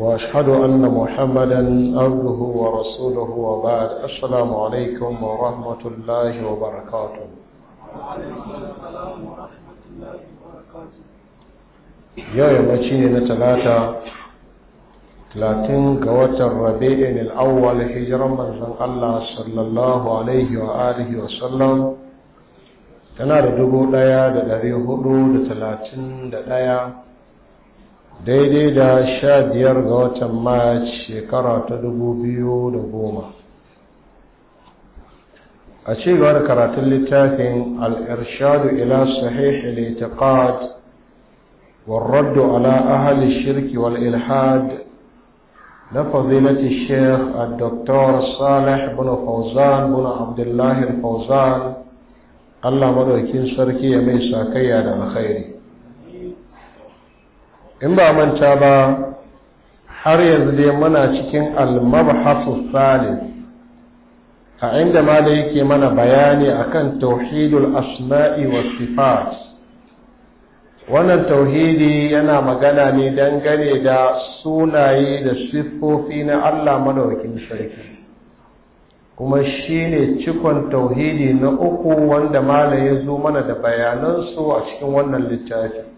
وأشهد أن محمدا عبده ورسوله وبعد السلام عليكم ورحمة الله وبركاته yau yammaci ne na talata talatin ga watan rabi'in al'awwal hijiran manzon Allah sallallahu alaihi wa alihi wa sallam tana da dubu ɗaya da ɗari hudu da talatin da ɗaya daidai da sha biyar ga watan march shekara ta dubu biyu da goma a cigaba da karatun littafin al'irshadu ila sahihi litiqat والرد على أهل الشرك والإلحاد لفضيلة الشيخ الدكتور صالح بن فوزان بن عبد الله الفوزان الله مدركين سركي يميسا كيانا خيري in ba manta ba har yanzu dai muna cikin al-mabhasu a inda ma da yake mana bayani akan tauhidul asma'i wa sifat wannan tauhidi yana magana ne dangane da sunaye da siffofi na Allah madaukakin sarki kuma shi ne cikon tauhidi na uku wanda mala ya zo mana da bayanansu a cikin wannan littafin.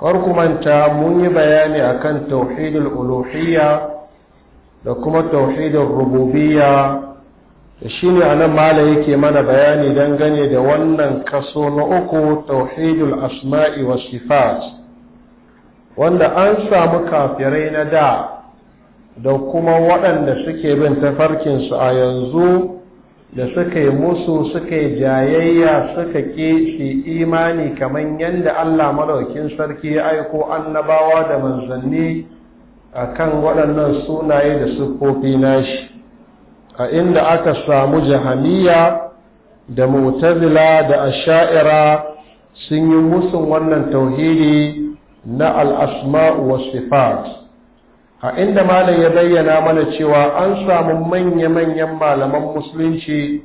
Karku manta mun yi bayani akan tauhidul uluhiyya da kuma tauhidul rububiyya da shine anan mala yake mana bayani dangane da wannan kaso na uku tauhidul asma'i wa sifat wanda an samu kafirai na da da kuma waɗanda suke bin tafarkinsu a yanzu da suka yi musu suka yi jayayya suka ke shi imani kamar yadda Allah madaukin sarki ya aiko annabawa da manzanni a kan waɗannan sunaye da siffofi nashi a inda aka samu jahamiya da mutazila da asha'ira sun yi musun wannan tauhidi na al'asma'u wasu sifat a inda malam ya bayyana mana cewa an samu manya-manyan malaman musulunci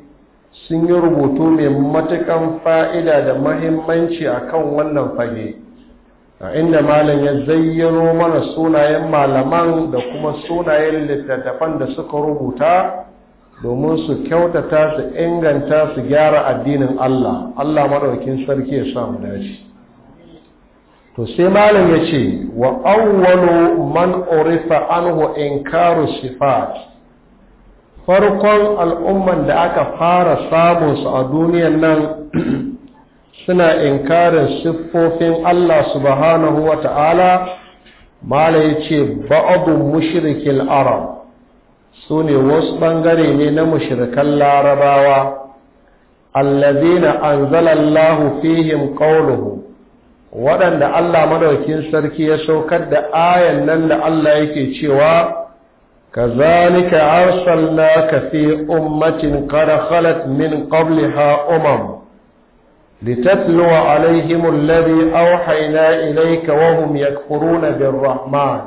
sun yi rubutu mai matukan fa'ida da mahimmanci a kan wannan fage a inda malam ya zayyano mana sunayen malaman da kuma sunayen littattafan da suka rubuta domin su kyautata su inganta su gyara addinin Allah Allah maɗaukin sarki ya samu dace to sai malam ya ce wa awwalu man urifa anhu inkaru sifat farkon al'umman da aka fara samun su a duniyan nan suna inkarin siffofin Allah subhanahu wa ta'ala Malam ya ce mushirikin mushirikil arab su ne wasu ɓangare ne na mushirikan larabawa allazina anzalallahu fihim qawluhu waɗanda Allah madaukin sarki ya saukar da ayan nan da Allah yake cewa ka kazalika ka fi ummatin qad khalat min qabliha umam litatluwa alaihim alladhi awhayna ilayka wa hum bin rahman.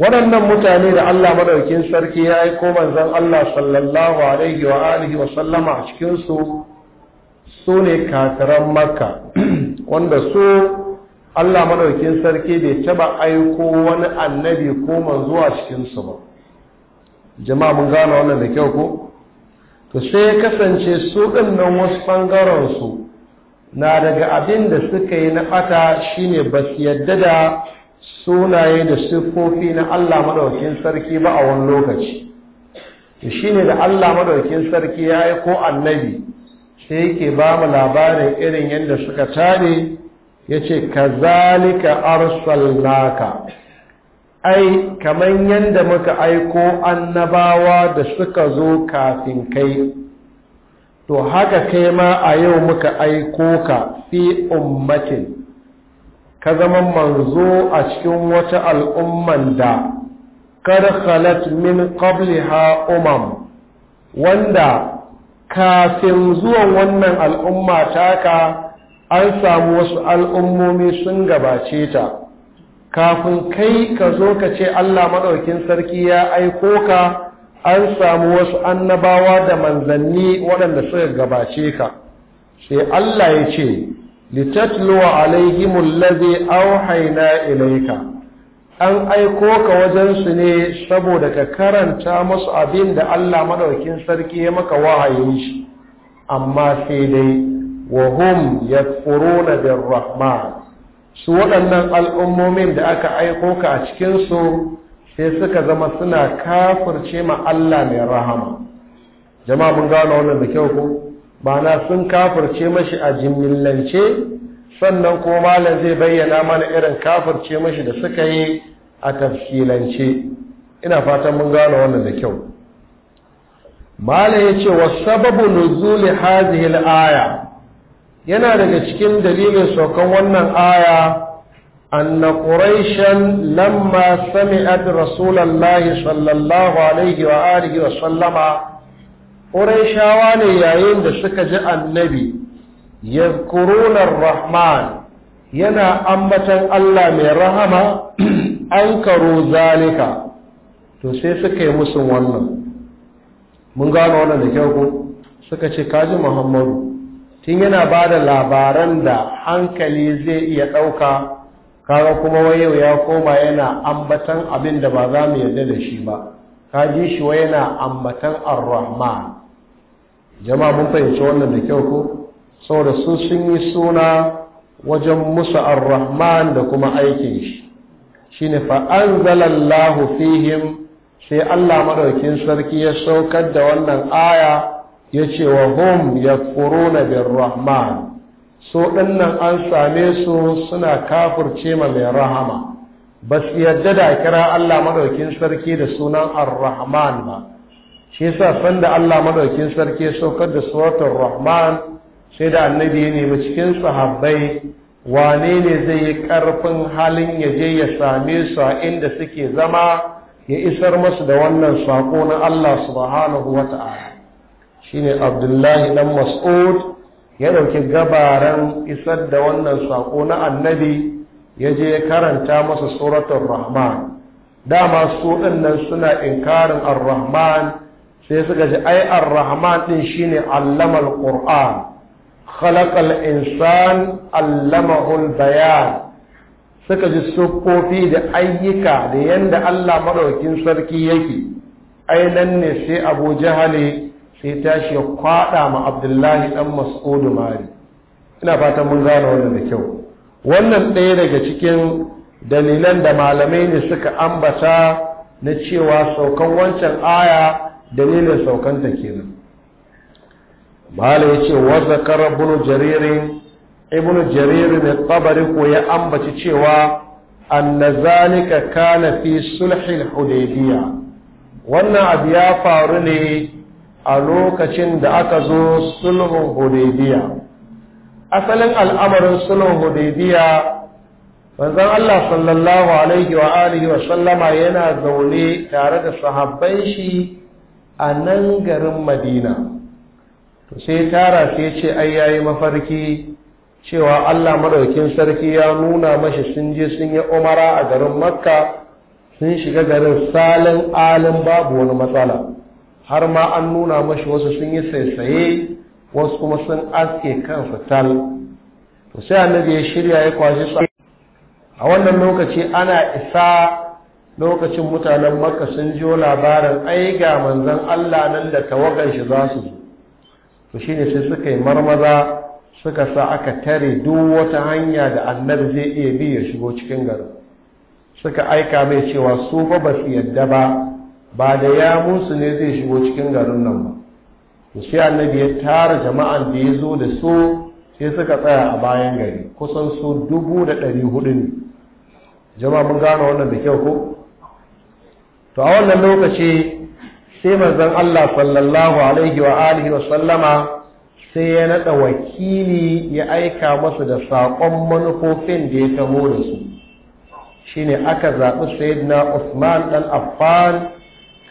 waɗannan mutane da Allah madaukin sarki ya aiko manzon Allah sallallahu alaihi wa alihi wa sallama a cikinsu. su ne kafiran makka wanda su allah maɗaukin sarki bai taba aiko wani annabi ko manzo a cikinsu ba jama'a mun gane wannan da kyau ko to sai kasance su ɗinnan wasu ɓangarensu na daga abin da suka yi na ɓata shine ba su yadda da sunaye da siffofi na allah maɗaukin sarki ba a wani lokaci shi ne da allah maɗaukin sarki ya aiko annabi sai yake ba mu labarin irin yadda suka tare ya ce ka zalika arsalnaka ai kamar yadda muka aiko annabawa da suka zo kafin kai to haka kai ma a yau muka aiko ka fi ummatin ka zama manzo a cikin wata al'umman da kar min qabliha umam wanda kafin zuwan wannan al'umma taka an samu wasu al'ummomi sun gabace ta kafin kai ka zo ka ce Allah maɗaukin sarki ya aiko ka an samu wasu annabawa da manzanni waɗanda suka gabace ka sai Allah ya ce litatluwa alaihimul ladhi auhayna ilayka an aiko ka wajensu ne saboda ka karanta masu abin da Allah maɗaukin sarki ya maka wahayin shi amma sai dai wahum ya furuna bin rahman su waɗannan al'ummomin da aka aiko ka a cikinsu sai suka zama suna kafirce ma Allah mai rahama jama'a mun gano wannan da kyau ko ba na sun kafirce mashi a jimillance sannan ko malam zai bayyana mana irin kafirce mashi da suka yi a tafsilance ina fatan mun gano wannan da kyau malam ya ce wa sababu nuzuli hazihi al-aya yana daga cikin dalilin saukan wannan aya quraishan lamma sami'at rasulullahi sallallahu alaihi wa alihi wa sallama quraishawa ne yayin da suka ji annabi. yazkuruna rahman yana ambatan Allah mai rahama an karo zalika to sai suka yi musu wannan mun gano wannan da kyau suka ce kaji muhammadu tun yana ba da labaran da hankali zai iya ɗauka kaga kuma wayo ya koma yana ambatan abin da ba za mu yarda da shi ba kaji shi wa yana ambatan ar-rahman jama'a mun fahimci wannan da kyau ko saboda su sun yi suna wajen musu ar-rahman da kuma aikin shi shine fa anzalallahu fihim sai Allah maɗaukin sarki ya saukar da wannan aya ya ce wa hum yakfuruna bin rahman so ɗannan an same su suna kafurce ma mai rahama ba su yadda da kira Allah maɗaukin sarki da sunan ar-rahman ba shi sanda Allah maɗaukin sarki saukar da suratul rahman sai da annabi ya nemi cikin sahabbai wane ne zai yi ƙarfin halin ya je ya same su a inda suke zama ya isar masu da wannan saƙo na Allah subhanahu wa ta'ala shi ne abdullahi ɗan mas'ud ya ɗauki gabaran isar da wannan saƙo na annabi ya je ya karanta masa suratun rahman dama su ɗinnan suna inkarin ar-rahman sai suka ji ai ar-rahman ɗin shine allamal qur'an خلق الانسان علمه البيان suka ji siffofi da ayyuka da yanda Allah maɗaukin sarki yake ainan ne sai abu Jahali sai tashi ya kwaɗa ma abdullahi ɗan mas'udu mari ina fatan mun gane wannan da kyau wannan ɗaya daga cikin dalilan da malamai ne suka ambata na cewa saukan wancan aya dalilin saukanta kenan mala ya ce wa kara bunu jaririn ibnu jaririn tabari ko ya ambaci cewa anna zalika kana fi sulhin hudaybiya wannan abu ya faru ne a lokacin da aka zo sulhun hudaybiya asalin al'amarin sulhun hudaybiya manzon Allah sallallahu alaihi wa alihi wa sallama yana zaune tare da sahabbai shi a nan garin Madina sai tara sai ce ai yayi mafarki cewa Allah madaukin sarki ya nuna mashi sun je sun yi umara a garin makka sun shiga garin salin alin babu wani matsala har ma an nuna mashi wasu sun yi saisaye wasu kuma sun aske kan tal to sai annabi ya shirya ya kwashi sa a wannan lokaci ana isa lokacin mutanen makka sun jiyo labarin ai ga manzon Allah nan da tawagan shi za su zo to shi ne sai suka yi marmaza suka sa aka tare duk wata hanya da annabi zai iya bi ya shigo cikin garin suka aika mai cewa su fa ba su yadda ba ba da ya musu ne zai shigo cikin garin nan ba to sai annabi ya tara jama'an da ya zo da su sai suka tsaya a bayan gari kusan su dubu da ɗari hudu ne jama'a mun gano wannan da kyau ko to a wannan lokaci sai manzon Allah sallallahu alaihi wa alihi wa sallama sai ya nada wakili ya aika masa da sakon manufofin da ya taho da su shine aka zaɓi sayyidina Usman dan Affan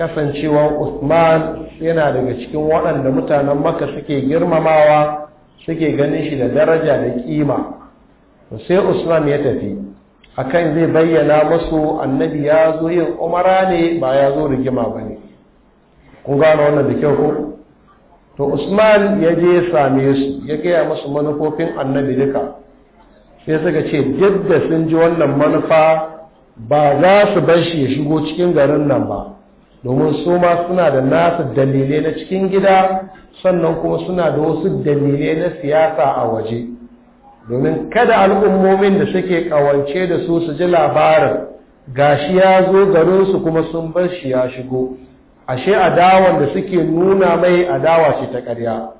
kasancewa Usman yana daga cikin waɗanda mutanen Makka suke girmamawa suke ganin shi da daraja da kima sai Usman ya tafi akan zai bayyana musu annabi ya zo yin umara ne ba ya zo rigima ba ne kun gano wannan da kyau ko to usman ya je ya same su ya gaya masu manufofin annabi duka sai suka ce duk da sun ji wannan manufa ba za su bar shi ya shigo cikin garin nan ba domin su ma suna da nasu dalilai na cikin gida sannan kuma suna da wasu dalilai na siyasa a waje domin kada al'ummomin da suke kawance da su su ji labarin gashi ya zo garinsu kuma sun bar shi ya shigo ashe adawan da suke nuna mai adawa ce ta ƙarya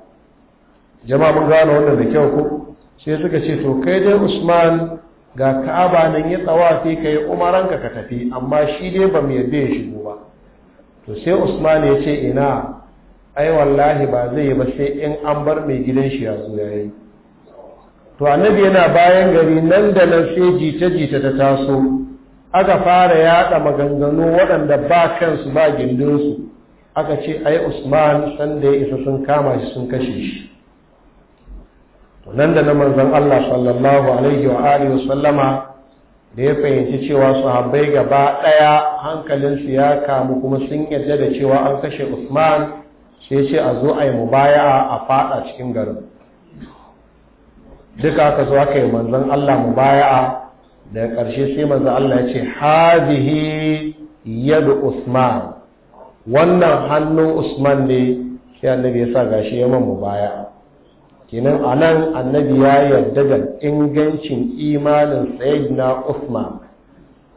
jama'a mun gano wannan da kyau ko sai suka ce to kai dai usman ga ka'aba nan ya tsawafi ka yi umaranka ka tafi amma shi dai ba mu yadda ya shigo ba to sai usman ya ce ina ai wallahi ba zai yi ba sai in an bar mai gidan shi ya zo ya yi to annabi yana bayan gari nan da nan sai jita-jita ta taso aka fara yada maganganu waɗanda ba kansu ba gindinsu aka ce ai usman sanda ya isa sun kama shi sun kashe shi nan da na manzan Allah sallallahu alaihi wa alihi wa sallama da ya fahimci cewa su sahabbai gaba ɗaya hankalinsu ya kamu kuma sun yarda da cewa an kashe usman sai ce a zo a yi mubaya'a a fada cikin garin duka aka zo aka yi manzan Allah mubaya'a Daga ƙarshe sai manzo Allah ya ce hazihi yadu usman wannan hannun usman ne sai annabi ya sa gashi ya mamu baya kenan anan annabi ya yarda da ingancin imanin sayyidina usman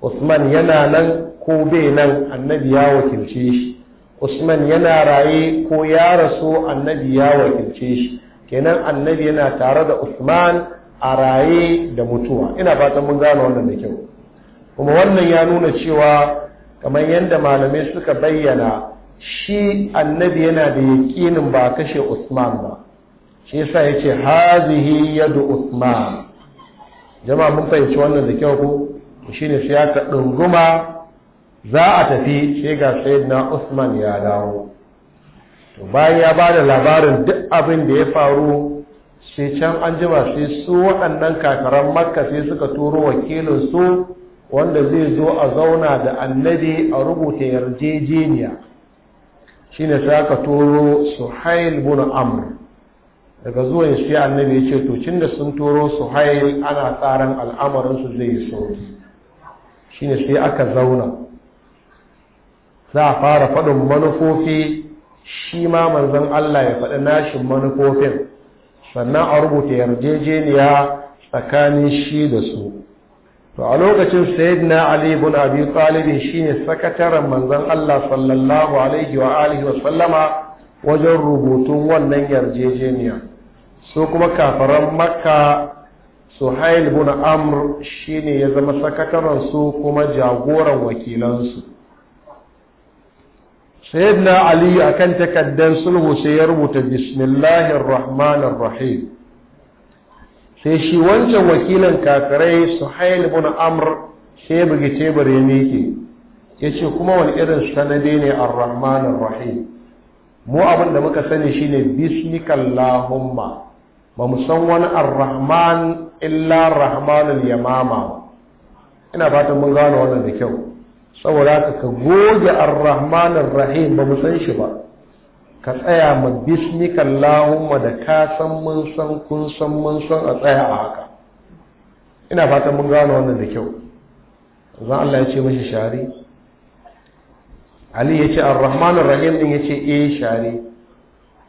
usman yana nan ko bai nan annabi ya wakilce shi usman yana raye ko ya rasu annabi ya wakilce shi kenan annabi yana tare da usman a raye da mutuwa ina fatan mun gano wannan da kyau kuma wannan ya nuna cewa kamar yadda malamai suka bayyana shi annabi yana da yaƙinin ba kashe usman ba shi yasa ya ce hazihi yadu usman jama'a mun fahimci wannan da kyau ko shi ne sai aka ɗunguma za a tafi sai ga sayyidina usman ya dawo to bayan ya ba da labarin duk abin da ya faru sai can an jima sai su waɗannan kakarar makka sai suka turo wakilin su wanda zai zo a zauna da annabi a rubuta yarjejeniya Shi ne sai aka turo suhail bin amr daga zuwan shi annabi ya ce to da sun turo suhail ana tsaran al'amarinsu zai yi Shi ne sai aka zauna za a fara faɗin manufofi shi ma manzon Allah ya faɗi nashin manufofin sannan a rubuta yarjejeniya tsakanin shi da su to a lokacin sayyidina ali ibn abi talib shine sakataren manzon Allah sallallahu alaihi wa alihi wa sallama wajen rubutun wannan yarjejeniya su kuma kafaran makka suhail ibn amr shine ya zama sakataren su kuma jagoran wakilansu sayyidina Aliyu akan takardan sulhu sai ya rubuta bismillahir rahmanir rahim sai shi wancan wakilin kafirai suhail ibn amr sai bugi ya mike yace kuma wani irin sanade ne ar-rahmanir rahim mu abin da muka sani shine bismikallahumma ba mu san wani ar-rahman illa rahmanul yamama ina fatan mun gano wannan da kyau saboda haka ka goge ar-rahmanir rahim ba mu san shi ba ka tsaya ma bismika allahumma da ka san mun san kun san mun san a tsaya a haka ina fatan mun gano wannan da kyau zan Allah ya ce mashi shari Ali ya ce ar-rahmanir rahim din ya ce eh shari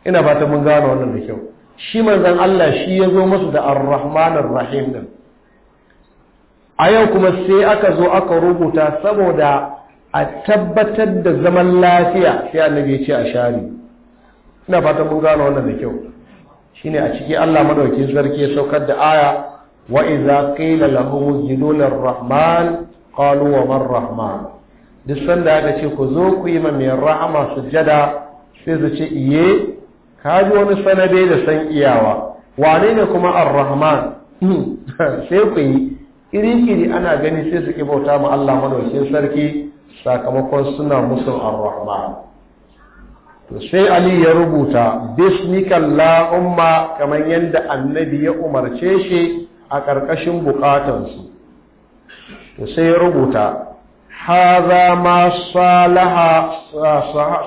ina fatan mun gano wannan da kyau shi manzon Allah shi ya zo masu da ar-rahmanir rahim din a yau kuma sai aka zo aka rubuta saboda a tabbatar da zaman lafiya sai annabi ya ce a share ina fatan mun gano wannan da kyau shine a ciki Allah madaukakin sarki ya saukar da aya wa idza qila lahum ijiduna ar-rahman qalu wa man rahman duk sanda aka ce ku zo ku yi ma mai rahama sujada sai su ce iye ka ji wani sanade da san iyawa wane ne kuma ar-rahman sai ku yi iri-iri ana gani sai su kibauta bauta ma Allah madaukin sarki sakamakon suna musul ar-rahman to sai ali ya rubuta bismikalla umma kamar yadda annabi ya umarce shi a ƙarƙashin buƙatansu to sai ya rubuta haza ma salaha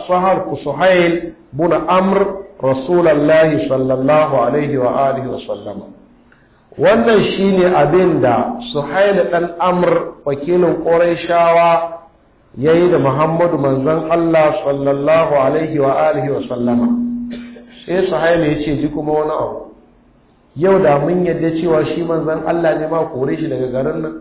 sahar suhail buna amr rasulullahi sallallahu alaihi wa alihi wa sallama wannan shine abin da suhaila ɗan amr wakilin ƙorashawa ya yi da muhammadu manzon allah sallallahu alaihi wa alihi wa sallama sai suhaila ya ce ji kuma wani abu yau da mun yadda cewa shi manzon allah ne ma kore shi daga garin nan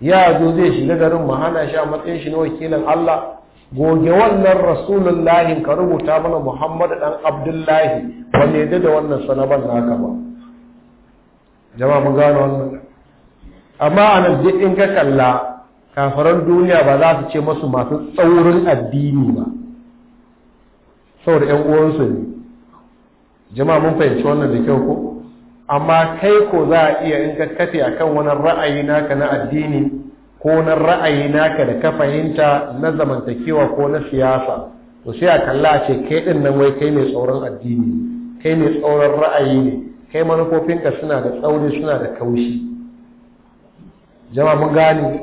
ya zo zai shiga garin mu hana shi matsayin shi na wakilin allah goge wannan rasulullahi ka rubuta mana muhammadu ɗan abdullahi wanda da wannan sanaban naka ba jama'a mun gano wannan amma a nan duk in ka kalla kafaran duniya ba za su ce masu masu tsaurin addini ba saboda yan uwansu ne jama'a mun fahimci wannan da kyau ko amma kai ko za a iya in ka kafe akan wani ra'ayi naka na addini ko na ra'ayi naka da ka fahimta na zamantakewa ko na siyasa to sai a kalla a ce kai din nan wai kai mai tsaurin addini kai mai tsaurin ra'ayi ne kai manufofinka suna da tsauri suna da kaushi jama mun gane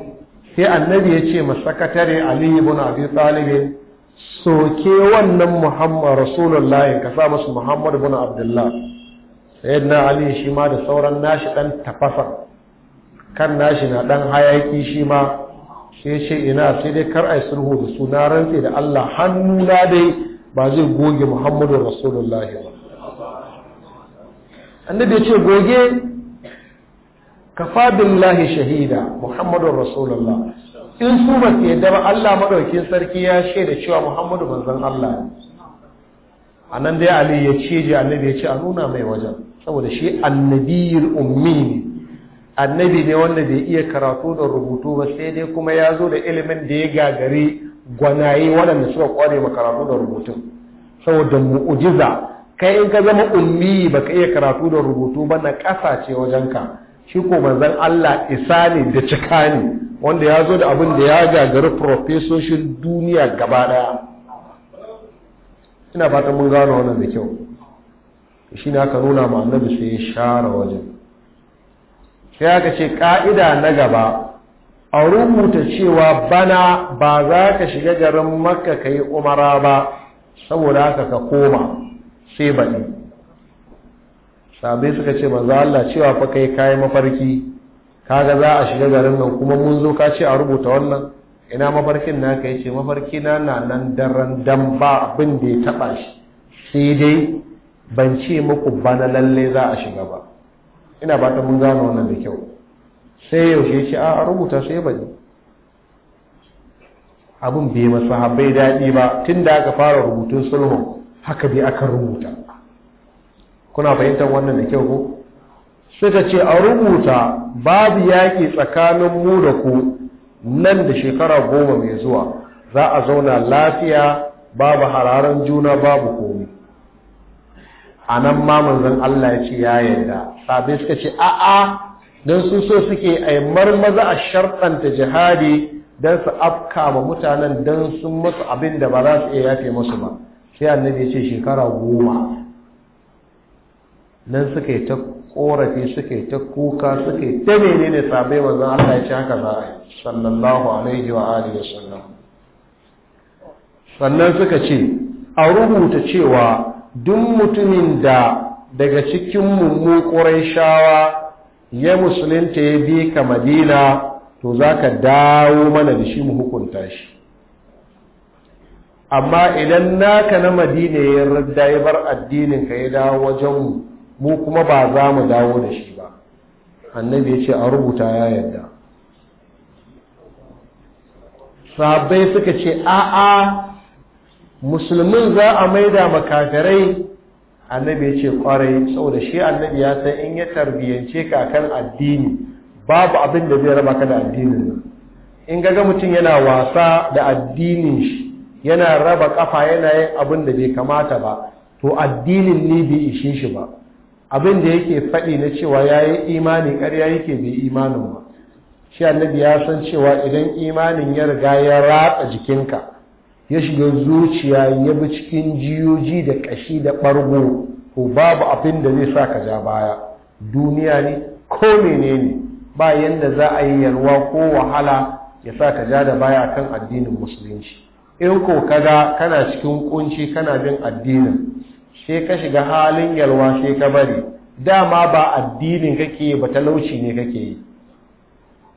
sai annabi ya ce masakatare aliyu ibn abi talib soke wannan muhammad rasulullahi ka sa musu muhammad ibn abdullah na ali shi ma da sauran nashi dan tafasa kan nashi na dan hayaki shi ma sai ce ina sai dai kar ai sulhu da su na rantse da Allah hannu na dai ba zai goge muhammadu rasulullahi ba annabi ya ce goge ka kafa lahi shahida muhammadun rasulallah, in su ba su yadda ba allah maɗaukin sarki ya shaida cewa muhammadu manzan allah a nan dai ali ya ce annabi ya ce a nuna mai wajen saboda shi annabiyil ummi ne annabi ne wanda bai iya karatu da rubutu ba sai dai kuma ya zo da ilimin da ya gagari gwanaye waɗanda suka kware ma karatu da rubutu saboda mu'ujiza kai in ka zama ummi baka iya karatu da rubutu ba na ƙasa ce wajenka shi ko manzon Allah isa ne da cika ne wanda ya zo da abin da ya gagari profesoshin duniya gaba ɗaya ina fatan mun gano wannan da kyau shi ne aka nuna ma annabi sai ya share wajen sai aka ce ƙa'ida na gaba a rubuta cewa bana ba za ka shiga garin makka ka yi umara ba saboda haka ka koma sai baɗi sabai suka ce maza Allah cewa fa kai kayan mafarki kaga za a shiga garin nan kuma mun zo ka ce a rubuta wannan ina mafarkin na yi ce mafarki na na nan daren dan ba abin da ya taba shi sai dai ban ce muku bana lalle za a shiga ba ina ba ta mun gano wannan da kyau sai yaushe ce a rubuta sai ne abin bai haɓe daɗi ba tun da aka fara rubutun sulhun haka dai aka rubuta kuna fahimtar wannan da kyau ko suka ce a rubuta babu yaƙi tsakanin mu da ku nan da shekara goma mai zuwa za a zauna lafiya babu hararan juna babu komi a nan ma zan Allah ya ce ya yarda sabai suka ce a'a don su so suke a marmaza a sharɗanta jihadi don su afka ma mutanen don sun masu abin da ba za su iya yafe musu ba sai annabi ya ce shekara goma nan suka yi ta korafi suka yi ta kuka suka yi ta menene sabai wanzan Allah ya ce haka za a yi sallallahu alaihi wa alihi wasallam sannan suka ce a rubuta cewa duk mutumin da daga cikin mummun ƙurayshawa ya musulunta ya bi ka madina to za ka dawo mana da shi mu hukunta shi amma idan naka na madina ya rarda ya bar addinin ka ya dawo wajen mu kuma ba za mu dawo da shi ba annabi ya ce a rubuta ya yadda Sabai suka ce a'a musulmin za a maida makafirai annabi ya ce kwarai saboda shi annabi ya san in ya tarbiyyance ka kan addini babu abin da zai raba ka da addinin nan in ga mutum yana wasa da addinin shi yana raba kafa yana yin abin da bai kamata ba to addinin ne bai ishe shi ba abin da yake faɗi na cewa ya yi imani ƙarya yake bai imanin ba shi annabi ya san cewa idan imanin ya riga ya ratsa jikinka ya shiga zuciya ya bi cikin jiyoji da ƙashi da ɓargo ko babu abin da zai sa ka ja baya duniya ne ko menene ba yanda za a yi yalwa ko wahala ya sa ka ja da baya kan addinin musulunci in ko kaga kana cikin kunci kana bin addinin sai ka shiga halin yalwa sai ka bari dama ba addinin kake ba talauci ne kake yi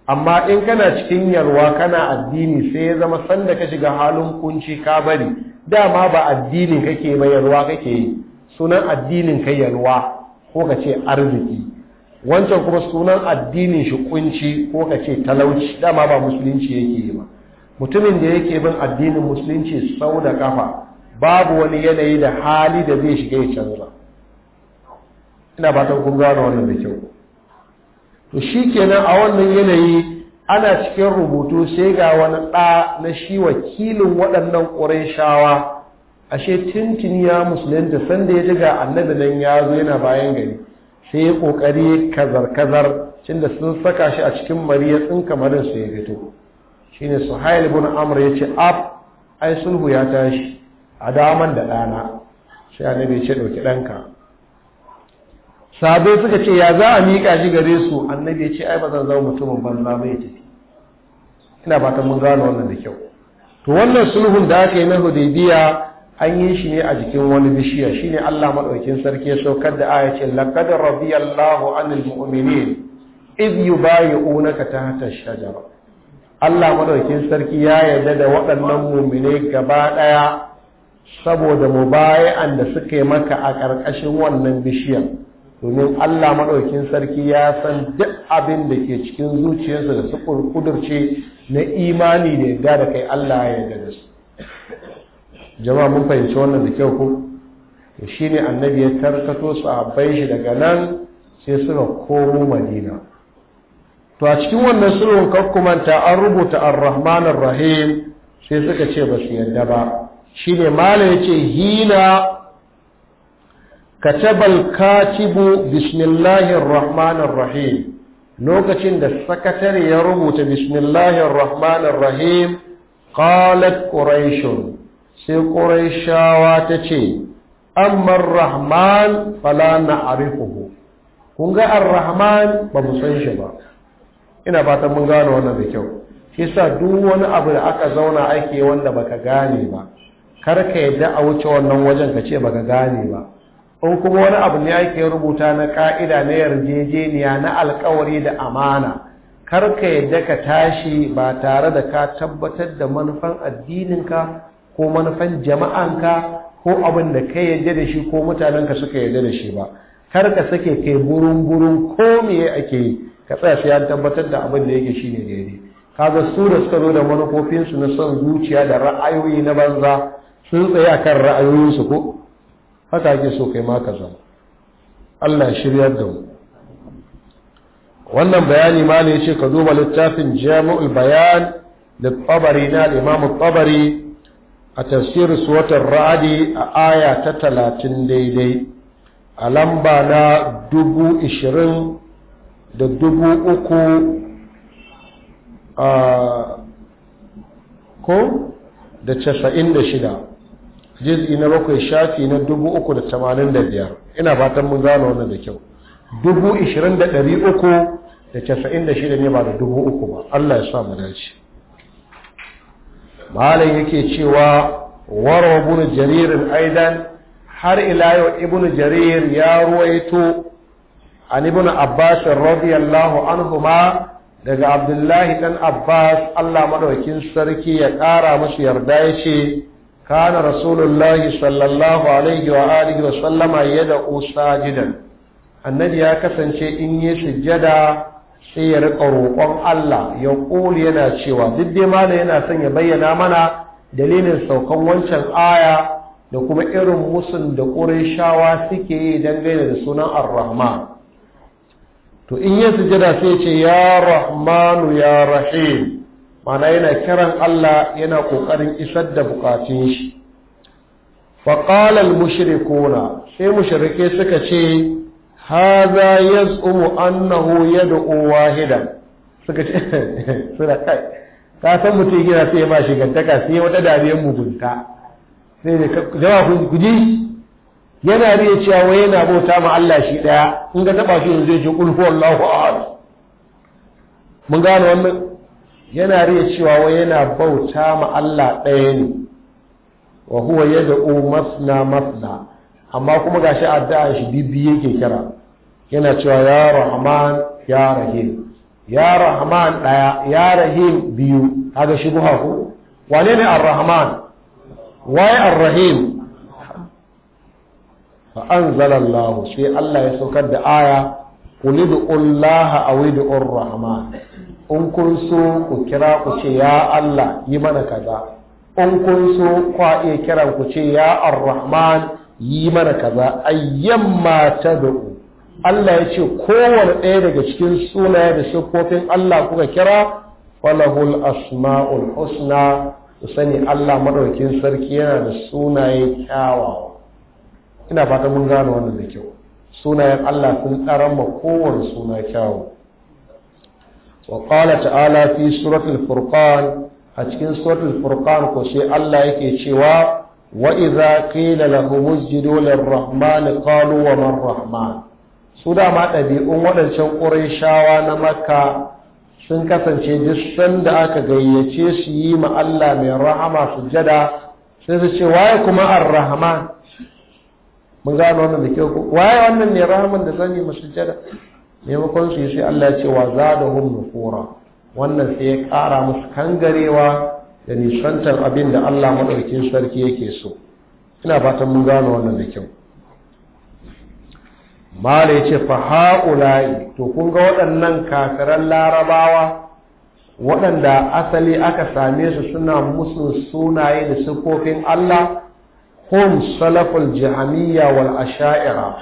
amma in kana cikin yalwa kana addini sai ya zama sanda ka shiga halin kunci ka bari dama ba addinin kake ba yalwa kake yi sunan addinin kai yalwa ko ka ce arziki wancan kuma sunan addinin shi kunci ko ka ce talauci dama ba musulunci yake yi ba mutumin da yake bin addinin musulunci sau da kafa babu wani yanayi da hali da zai shiga ya canza ina ba ta kunga gano wannan da kyau to shi kenan a wannan yanayi ana cikin rubutu sai ga wani ɗa na shi wakilin waɗannan shawa, ashe tintini ya musulunta sanda ya ji ga annabi nan ya zo yana bayan gari sai ya ƙoƙari kazar-kazar cinda sun saka shi a cikin mariya tsinka marin su ya fito shine suhail ibn amr yace ab ai sulhu ya tashi a daman da dana, sai annabi ya ce ɗauki ɗanka sabai suka ce ya za a miƙa shi gare su annabi ya ce ai ba zan zama mutumin banza ba ya tafi ina ba ta mun gano wannan da kyau to wannan sulhun da aka yi na hudaybiya an yi shi ne a jikin wani bishiya shine Allah madaukin sarki ya saukar da aya ce laqad radiyallahu anil mu'minin idh yubayyi'unaka tahta ash-shajara Allah madaukin sarki ya yarda da waɗannan mumine gaba ɗaya saboda mu da suka yi maka a ƙarƙashin wannan bishiyar domin Allah madaukin sarki ya san duk abin da ke cikin zuciyarsa da su kudurce na imani da yarda da kai Allah ya yarda da su jama'a mun fahimci wannan da kyau ko shine annabi ya tarkato su a bai shi daga nan sai suka komo madina to a cikin wannan sulhun kakkumanta an rubuta ar-rahman ar rahim sai suka ce ba su yadda ba shine malai yace hina katabal katibu bismillahir rahmanir rahim lokacin da sakatare ya rubuta bismillahir rahmanir rahim qalat quraish sai quraishawa tace amma rahman fala na'rifuhu kun ga ar-rahman ba mu san shi ba ina fatan mun gane wannan da kyau shi sa duk wani abu da aka zauna ake wanda baka gane ba kar ka yadda a wuce wannan wajen ka ce baka gane ba in kuma wani abu ne ake rubuta na ka'ida na yarjejeniya na alkawari da amana kar ka yadda ka tashi ba tare da ka tabbatar da manufan addininka ko manufan jama'anka ko abin da ka yadda da shi ko mutanenka suka yadda da shi ba kar ka sake kai burin burin ko meye ake yi ka tsaya sai an tabbatar da abin da yake ne. daidai kaga su da suka zo da manufofinsu na son zuciya da ra'ayoyi na banza sun tsaye kan ra'ayoyinsu ko haka ake so kai ma ka zama Allah shiryar da mu wannan bayani ma ne yace ka duba littafin Jami'ul Bayan da Tabari na Imam Tabari a tafsir suwatar Ra'adi a aya ta talatin daidai a lamba na dubu ishirin da dubu uku a ko da casa'in da shida Jizgi na bakwai shafi na dubu uku da tamanin da biyar ina fatan mun gano wannan da kyau dubu ishirin da ɗari uku da casa'in da shida ne ba da dubu uku ba allah ya sa mu dace malam yake cewa warwa bunu jaririn aidan har ila yau ibnu jarir ya ruwaito an ibn abbas radiyallahu anhuma daga abdullahi ɗan abbas Allah maɗaukin sarki ya ƙara musu yarda yace kana rasulullahi sallallahu alaihi wa alihi wa sallama yad'u sajidan annabi ya kasance in yi sujada sai ya riƙa roƙon Allah ya ƙuli yana cewa duk dai malam yana son ya bayyana mana dalilin saukan wancan aya da kuma irin musun da ƙurin shawa suke yi dangane da sunan ar-rahman to in ya sujada sai ce ya rahmanu ya rahim mana yana kiran Allah yana kokarin isar da bukatun shi al mushrikuna sai mushrike suka ce haza yaz'umu annahu yad'u wahidan suka ce suna kai ka san mutum yana sai ba shi gantaka sai wata dariyar mugunta sai ne jam'a ku yana riya cewa wai yana bauta ma Allah shi daya in ga taba shi yanzu yake kulhu huwallahu ahad mun gane wannan yana riya cewa wai yana bauta ma Allah daya ne wa huwa yad'u masna masna amma kuma gashi addu'a shi bibbi yake kira yana cewa ya rahman ya rahim ya rahman daya ya rahim biyu kaga shi buha ko wane ne ar-rahman waye ar-rahim fa anzalallahu sai Allah ya saukar da aya qul ud'ullaha a ud'ur rahman in kun so ku kira ku ce ya Allah yi mana kaza in kun so iya kiran ku ce ya ar yi mana kaza ayyamma tad'u Allah ya ce kowane ɗaya daga cikin sunaye da siffofin Allah kuka kira falahul asma'ul husna ku sani Allah madaukin sarki yana da sunaye kyawawa ina fata mun gano wannan da kyau sunayen Allah sun tsaran ma kowane suna kyawu wa qala ta'ala fi suratul furqan a cikin suratul furqan ko sai Allah yake cewa wa idza qila lahum usjudu lirrahmani qalu wa man rahman su da ma ɗabi'un waɗancan ƙurayshawa na makka sun kasance duk sanda aka gayyace su yi ma Allah mai rahama sujada sai su ce waye kuma ar-rahman mun gano wannan da kyau waye wannan ne rahaman da sani masujjada maimakon su sai Allah ya ce wa za hun nufura wannan sai ya kara musu kangarewa da nisantar abin da Allah maɗaukin sarki yake so ina fatan mun gano wannan da kyau mala ya ce fa ha'ula'i to kun ga waɗannan kafiran larabawa waɗanda asali aka same su suna musu sunaye da siffofin Allah hun salaful jahamiyya wal asha'ira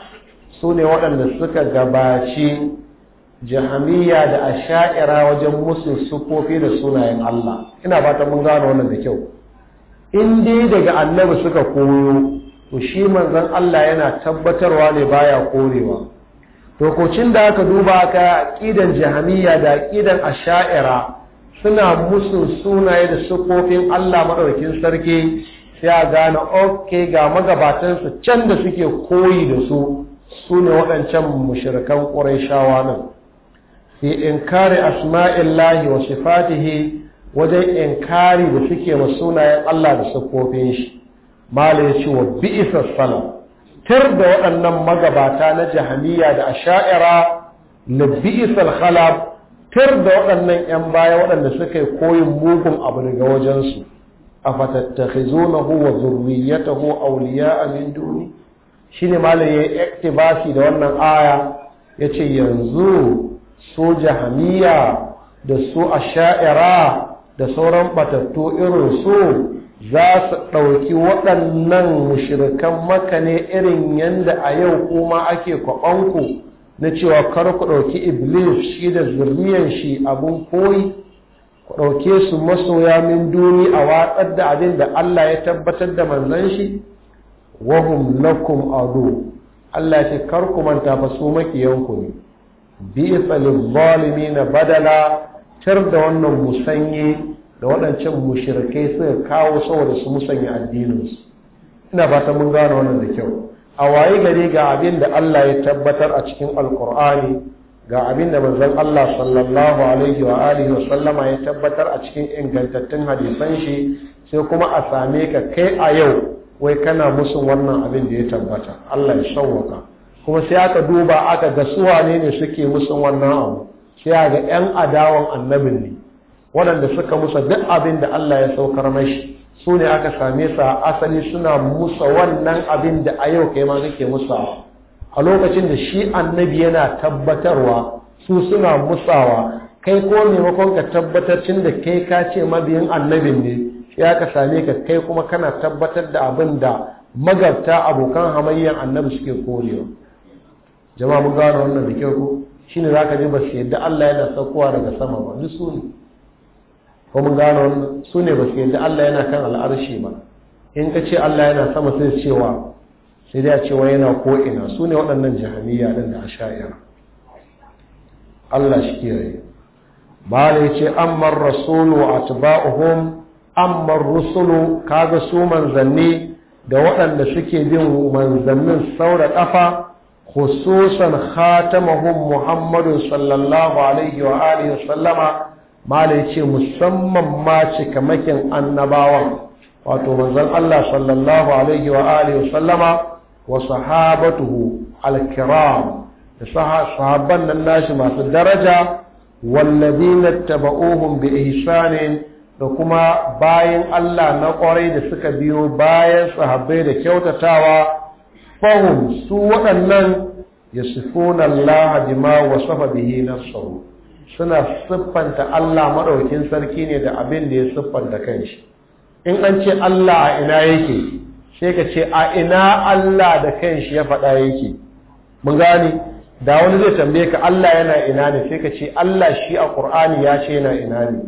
su ne waɗanda suka gabaci jahamiyya da asha'ira wajen musu sufofi da sunayen Allah ina fata mun gano wannan da kyau in dai daga annabi suka koyo to shi manzon Allah yana tabbatarwa ne baya korewa Lokocin da aka duba ka aqidan jahamiyya da aqidan asha'ira suna musu sunaye da sufofin Allah madaukakin sarki sai a gane ok ga magabatansu can da suke koyi da su su ne waɗancan mushirikan shawa nan fi kare asma'illahi wa Fatihi wajen in kare da suke wa sunayen Allah da siffofin shi mala ya ce wa bi isa salam tir da waɗannan magabata na jahamiya da asha'ira na bi isa khalab tir da waɗannan 'yan baya waɗanda suka yi koyin mugun abu daga wajensu afatattakhizunahu wa zurriyyatahu awliya'a min duni shine malai ya iktibasi da wannan aya yace yanzu su jahamiya da su asha'ira da sauran batattu irin su za su ɗauki waɗannan mushirikan maka ne irin yadda a yau kuma ake kwaɓanku na cewa kar ku ɗauki iblis shi da zurmiyan shi abun koyi ɗauke su masoya min duni a watsar da abin da Allah ya tabbatar da manzan shi wahum lakum adu Allah ya ce kar ku manta fa su makiyanku ne bi isalil zalimin badala tar da wannan musanye da waɗancan mushrikai suka kawo saboda su musanya addininsu ina fata mun gane wannan da kyau a waye gare ga abin da Allah ya tabbatar a cikin alkur'ani ga abin da manzon Allah sallallahu alaihi wa alihi wa sallama ya tabbatar a cikin ingantattun hadisan shi sai kuma a same ka kai a yau wai kana musu wannan abin da ya tabbata Allah ya sauwaka kuma sai aka duba aka ga su wane ne suke musu wannan abu sai ga yan adawan annabin ne waɗanda suka musa duk abin da Allah ya saukar mashi su ne aka same su a asali suna musa wannan abin da a yau kai ma kake musawa a lokacin da shi annabi yana tabbatarwa su suna musawa kai ko maimakon ka tabbatar cin da kai ka ce mabiyin annabin ne ya ka same ka kai kuma kana tabbatar da abin da magabta abokan hamayyar annabi suke korewa jama'a mun gano wannan da kyau ne za ka ji ba su yadda Allah yana saukowa daga sama ba duk su ne ko mun gano wannan su ne ba su yadda Allah yana kan al'arshi ba in ka ce Allah yana sama sai cewa sai dai cewa yana ko'ina su ne waɗannan jami'a ɗin da a Allah shi kiyaye ba da ya ce amman rasulu a tuba'uhum amman rusulu kaga su manzanni da waɗanda suke bin manzannin saura ƙafa khususan khatamahum muhammadu sallallahu alaihi wa alihi sallama ma da ya ce musamman ma cikamakin annabawan wato manzan Allah sallallahu alaihi wa alihi sallama wa sahabatuhu al-kiram da sahabban nan nashi masu daraja wallazina taba'uhum bi ihsanin da kuma bayan Allah na ƙwarai da suka biyo bayan sahabbai da kyautatawa fahum su waɗannan yasifuna Allah bima wasafa bihi nafsuhu suna siffanta Allah maɗaukin sarki ne da abin da ya siffanta shi. in an ce Allah a ina yake sai ka ce a ina Allah da kanshi ya faɗa yake mun gane da wani zai tambaye ka Allah yana ina ne sai ka ce Allah shi a Qur'ani ya ce yana ina ne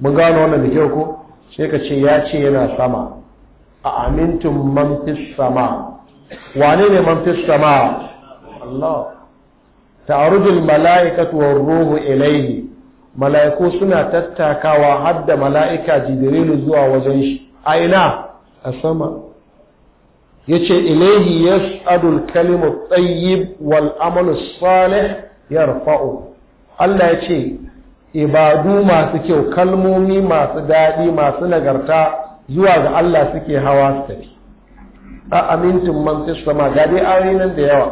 mun gano wannan da kyau ko sai ka ce ya ce yana sama a amintum man fis sama wane ne man fis sama Allah ta'arujul mala'ikatu war ruhu ilayhi mala'iku suna tattakawa hadda mala'ika jibrilu zuwa wajen shi a ina a sama ya ce ilaihi ya tsadul Kalimu tsayib Wal'amalu salih ya rafa'u Allah ya ce ibadu masu kyau kalmomi masu daɗi masu nagarta zuwa ga Allah suke hawa su tafi a amintin man sama ga dai ayoyi nan da yawa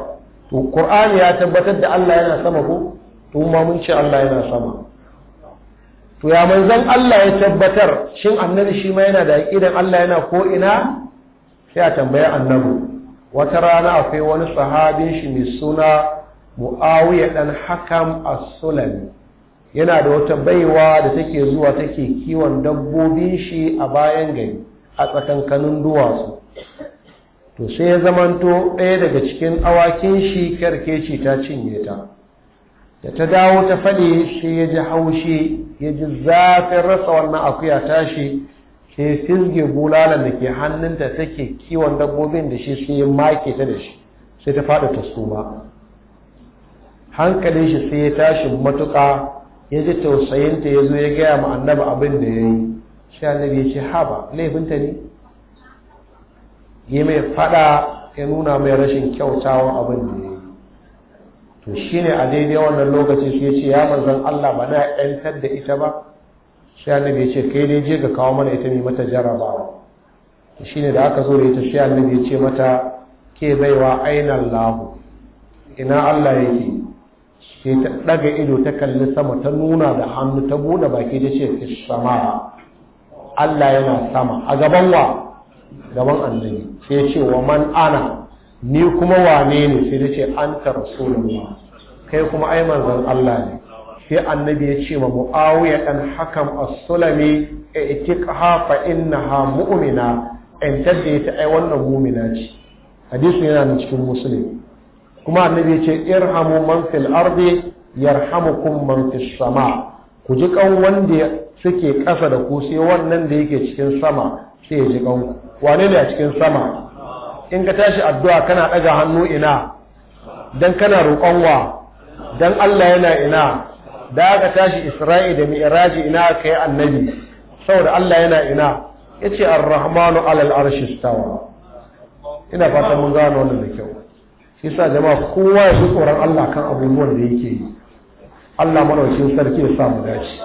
to ƙur'ani ya tabbatar da Allah yana sama ko to mun ce Allah yana sama to ya manzan Allah ya tabbatar shin annabi shi ma yana da aqidan Allah yana ko ina sai a tambaya annabi wata rana akwai wani sahabin shi mai suna Muawiya dan Hakam as-Sulami yana da wata baiwa da take zuwa take kiwon dabbobin shi a bayan gari a tsakankanin duwatsu to sai ya zamanto ɗaya daga cikin awakin shi karkeci ta cinye ta da ta dawo ta faɗi shi ya ji haushi ya ji zafin rasa wannan akuya tashi sai fisge bulalan da ke hannunta take kiwon dabbobin da shi sai ya make ta da shi sai ta faɗi ta suma hankalin shi sai ya tashi matuka ya ji tausayinta ya zo ya gaya ma annabi abin da ya yi shi annabi ya ce haba laifinta ne ya mai faɗa ya nuna mai rashin kyautawa abin da ya yi to ne a daidai wannan lokacin ya ce ya manzan Allah ba na yantar da ita ba sai annabi ce kai dai je ga kawo mana ita mai mata jarabawa to ne da aka zo da ita sai annabi ce mata ke baiwa aina lahu ina Allah yake ke ta daga ido ta kalli sama ta nuna da hannu ta buɗe baki ta ce fi sama Allah yana sama a gaban wa gaban annabi sai ya ce wa man ana ni kuma wane ne sai da ce an rasulullah kai kuma ai manzon Allah ne sai annabi ya ce ma muawiya dan hakan as-sulami itiqha fa innaha mu'mina in tadda ta ai wannan mu'mina ce hadisin yana nan cikin muslim kuma annabi ya ce irhamu man fil ardi yarhamukum man fis sama ku ji kan wanda suke ƙasa da ku sai wannan da yake cikin sama sai ya ji kan wane ne a cikin sama in ka tashi addu'a kana ɗaga hannu ina don kana roƙon wa Allah yana ina da aka tashi Isra'i da Mi'raji ina aka yi annabi saboda Allah yana ina yace ce rahmanu 'alal arshi stawa ina fatan mun gano wannan da kyau yasa jama'a kowa ya ji tsoron Allah kan abubuwan da yake yi Allah madaukakin sarki ya sa mu dace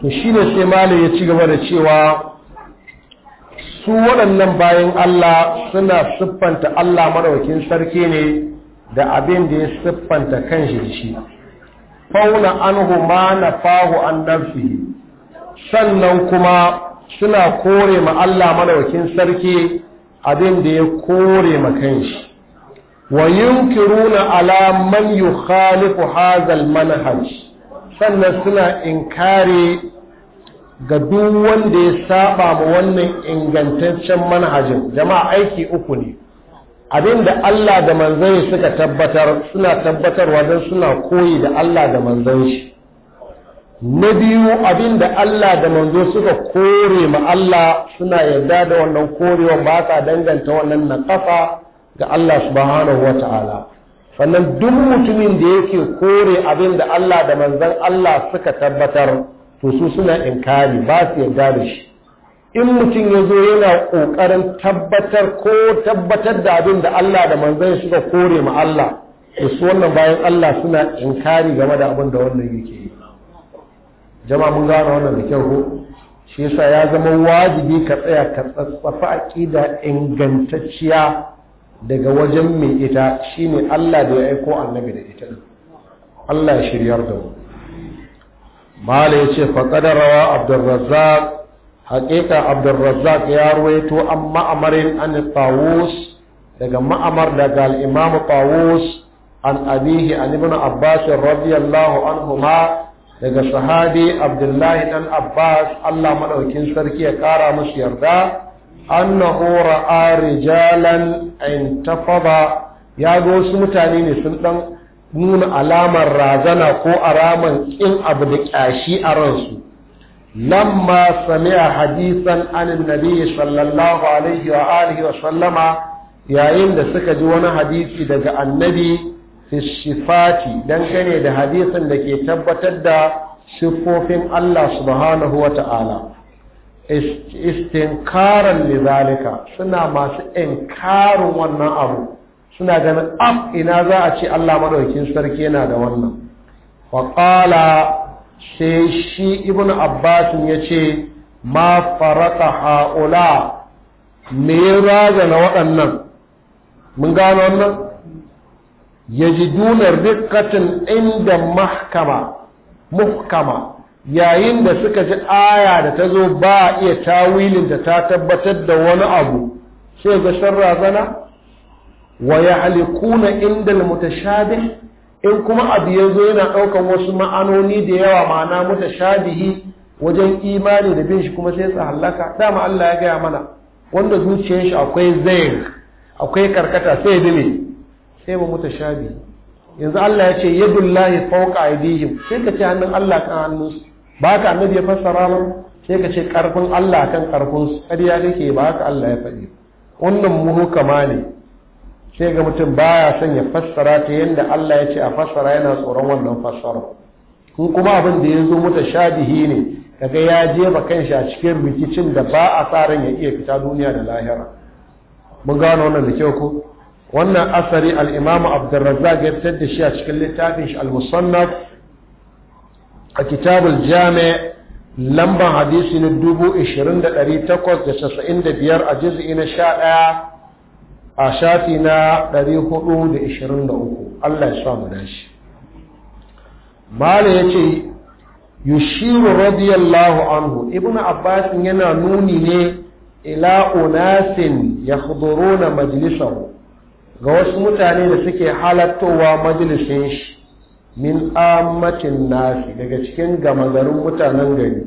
to ne sai malai ya ci gaba da cewa su waɗannan bayan Allah suna siffanta Allah manaukin sarki ne da abin da ya siffanta kan shi shi fauna an anhu ma fahu an nafsihi sannan kuma suna kore ma Allah manaukin sarki abin da ya kore ma kanshi wa yunkiruna ala man yukhalifu hazal manhaj sannan suna inkari ga duk wanda ya saba ma wannan ingantaccen manhajin jama'a aiki uku ne abinda Allah da manzon suka tabbatar suna tabbatarwa don suna koyi da Allah da manzon shi na biyu abinda Allah da manzo suka kore ma Allah suna yarda da wannan korewa ba sa danganta wannan na ƙafa ga Allah subhanahu wata'ala sannan duk mutumin da yake kore abinda Allah da manzon Allah suka tabbatar to su suna inkari ba su yarda da shi in mutum ya zo yana ƙoƙarin tabbatar ko tabbatar da abin da Allah da manzon suka kore ma Allah da su wannan bayan Allah suna inkari game da abin da wannan yake yi jama'a mun gane wannan da kyau shi yasa ya zama wajibi ka tsaya ka tsatsafa aqida ingantacciya daga wajen mai ita shine Allah da ya aiko annabi da ita Allah ya shiryar da mu mala ya ce faƙadarawa abdurrazzaq haƙiƙa abdurrazzaq ya ruwaito an ma'amarin an tawus daga ma'amar daga al'imam tawus an abihi an ibn abbas radiyallahu anhuma daga sahabi abdullahi dan abbas allah maɗaukin sarki ya ƙara musu yarda annahu ra'a rijalan intafada ya ga wasu mutane ne sun ɗan nuna alamar razana ko araman ƙin abu da ƙyashi a ransu lamma sami'a hadisan anin nabi sallallahu alaihi wa alihi wa sallama yayin da suka ji wani hadisi daga annabi fishifati dangane da hadisin da ke tabbatar da siffofin Allah subhanahu wa ta'ala istinkaran lizalika suna masu inkarin wannan abu suna ganin af ina za a ce Allah maɗaukin sarki yana da wannan wa sai shi ibnu abbas ya ce ma faraka haula me ya razana waɗannan mun gano wannan yajiduna riqqatan inda mahkama muhkama yayin da suka ji aya da ta zo ba a iya tawilin da ta tabbatar da wani abu sai ga shan razana wa ya halikuna inda mutashabih in kuma abu zo yana ɗaukar wasu ma'anoni da yawa ma'ana mutashabihi wajen imani da bin shi kuma sai su halaka dama Allah ya gaya mana wanda zuciyar shi akwai zayin akwai karkata sai ya ne sai mu mutashabi yanzu Allah ya ce fauka fawqa aydihim sai ka ce hannun Allah kan su. ba ka annabi ya fassara mun sai ka ce karfin Allah kan karfin su kake ba haka Allah ya faɗi wannan muhukama ne sai ga mutum baya son ya fassara ta yadda Allah ya ce a fassara yana tsoron wannan fassara kun kuma abin da ya zo sha shabihi ne kaga ya jefa kanshi a cikin rikicin da ba a sa ya iya fita duniya da lahira mun gano wannan da kyau ko wannan asari al-Imam Abdurrazzaq ya da shi a cikin littafin shi al-Musannaf a kitabul Jami' lamban hadisi na 20895 a juz'i na 11 a shafi na 423 Allah ya sa mu dashi mala yace yushiru radiyallahu anhu ibnu abbas yana nuni ne ila unasin yahduruna majlisahu ga wasu mutane da suke halattowa majalisin shi min ammatin nasi daga cikin gama garin mutanen gari